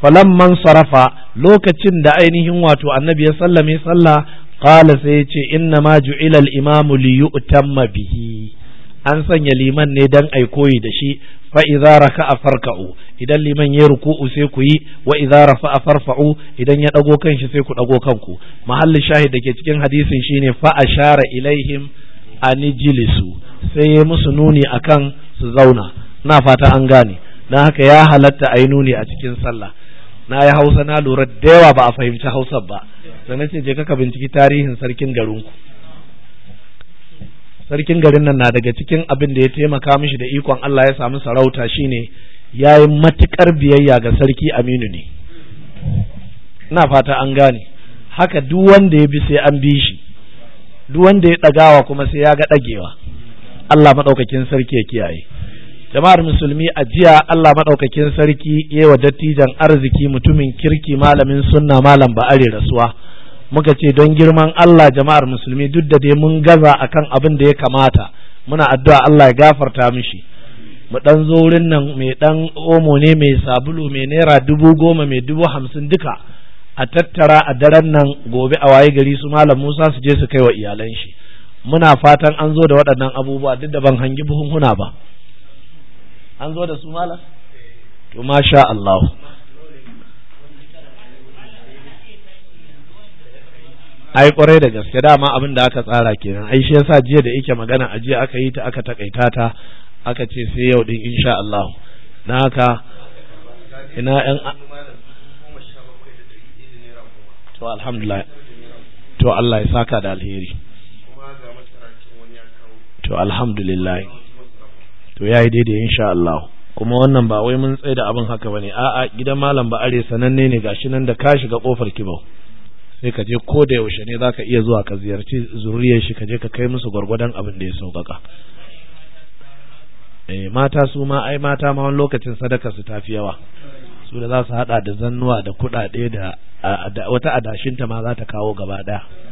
falamman sarafa lokacin da ainihin wato annabi ya sallame sallah qala sai ya ce inna ma ju'ila al-imamu li yu'tamma bihi an sanya liman ne dan ai koyi da shi fa idza raka'a farka'u idan liman ya ruku'u sai ku yi wa idza rafa'a farfa'u idan ya dago kanshi sai ku dago kanku mahalli shahid dake cikin hadisin shine fa ashara ilaihim anijilisu sai ya musu nuni akan su zauna na fata an gane dan haka ya halatta yi nuni a cikin sallah na yi hausa na lura da yawa ba a fahimci hausar ba da na ce je ka binciki tarihin sarkin garin ku sarkin garin nan na daga cikin abin da ya taimaka mishi da ikon Allah ya samu sarauta shine yayi matukar biyayya ga sarki aminu ne ina fata an gane haka duk wanda ya bi sai an bi shi duk wanda ya ɗagawa kuma sai ya ga ɗagewa Allah maɗaukakin sarki ya kiyaye jama'ar musulmi a jiya Allah maɗaukakin sarki yayi wa dattijan arziki mutumin kirki malamin sunna malam ba'ari rasuwa muka ce don girman Allah jama'ar musulmi duk da dai mun gaza akan abin da ya kamata muna addu'a Allah ya gafarta mishi mu dan zo wurin nan mai dan omo ne mai sabulu mai naira dubu goma mai dubu hamsin duka a tattara a daren nan gobe a waye gari su malam Musa su je su kai wa iyalan shi muna fatan an zo da waɗannan abubuwa duk da ban hangi buhunhuna ba an zo da su malam to masha Allah ai kwarai da gaske dama abin da aka tsara kenan ai shi yasa jiya da yake magana a jiya aka yi ta aka takaita ta aka ce sai yau din insha Allah na haka ina yan to alhamdulillah to Allah ya saka da alheri to alhamdulillah to yayi daidai insha Allah kuma wannan ba wai mun tsaye da abin haka bane a'a gidan malam ba are sananne ne gashi nan da ka shiga kofar kibau sai ka je ko da yaushe ne zaka iya zuwa ka ziyarci zuriyar shi ka je ka kai musu gwargwadon abin da ya sauƙaƙa eh mata su ma ai mata ma wani lokacin sadaka su tafi yawa su da za su hada da zannuwa da kuɗaɗe da wata adashinta ma za ta kawo gaba ɗaya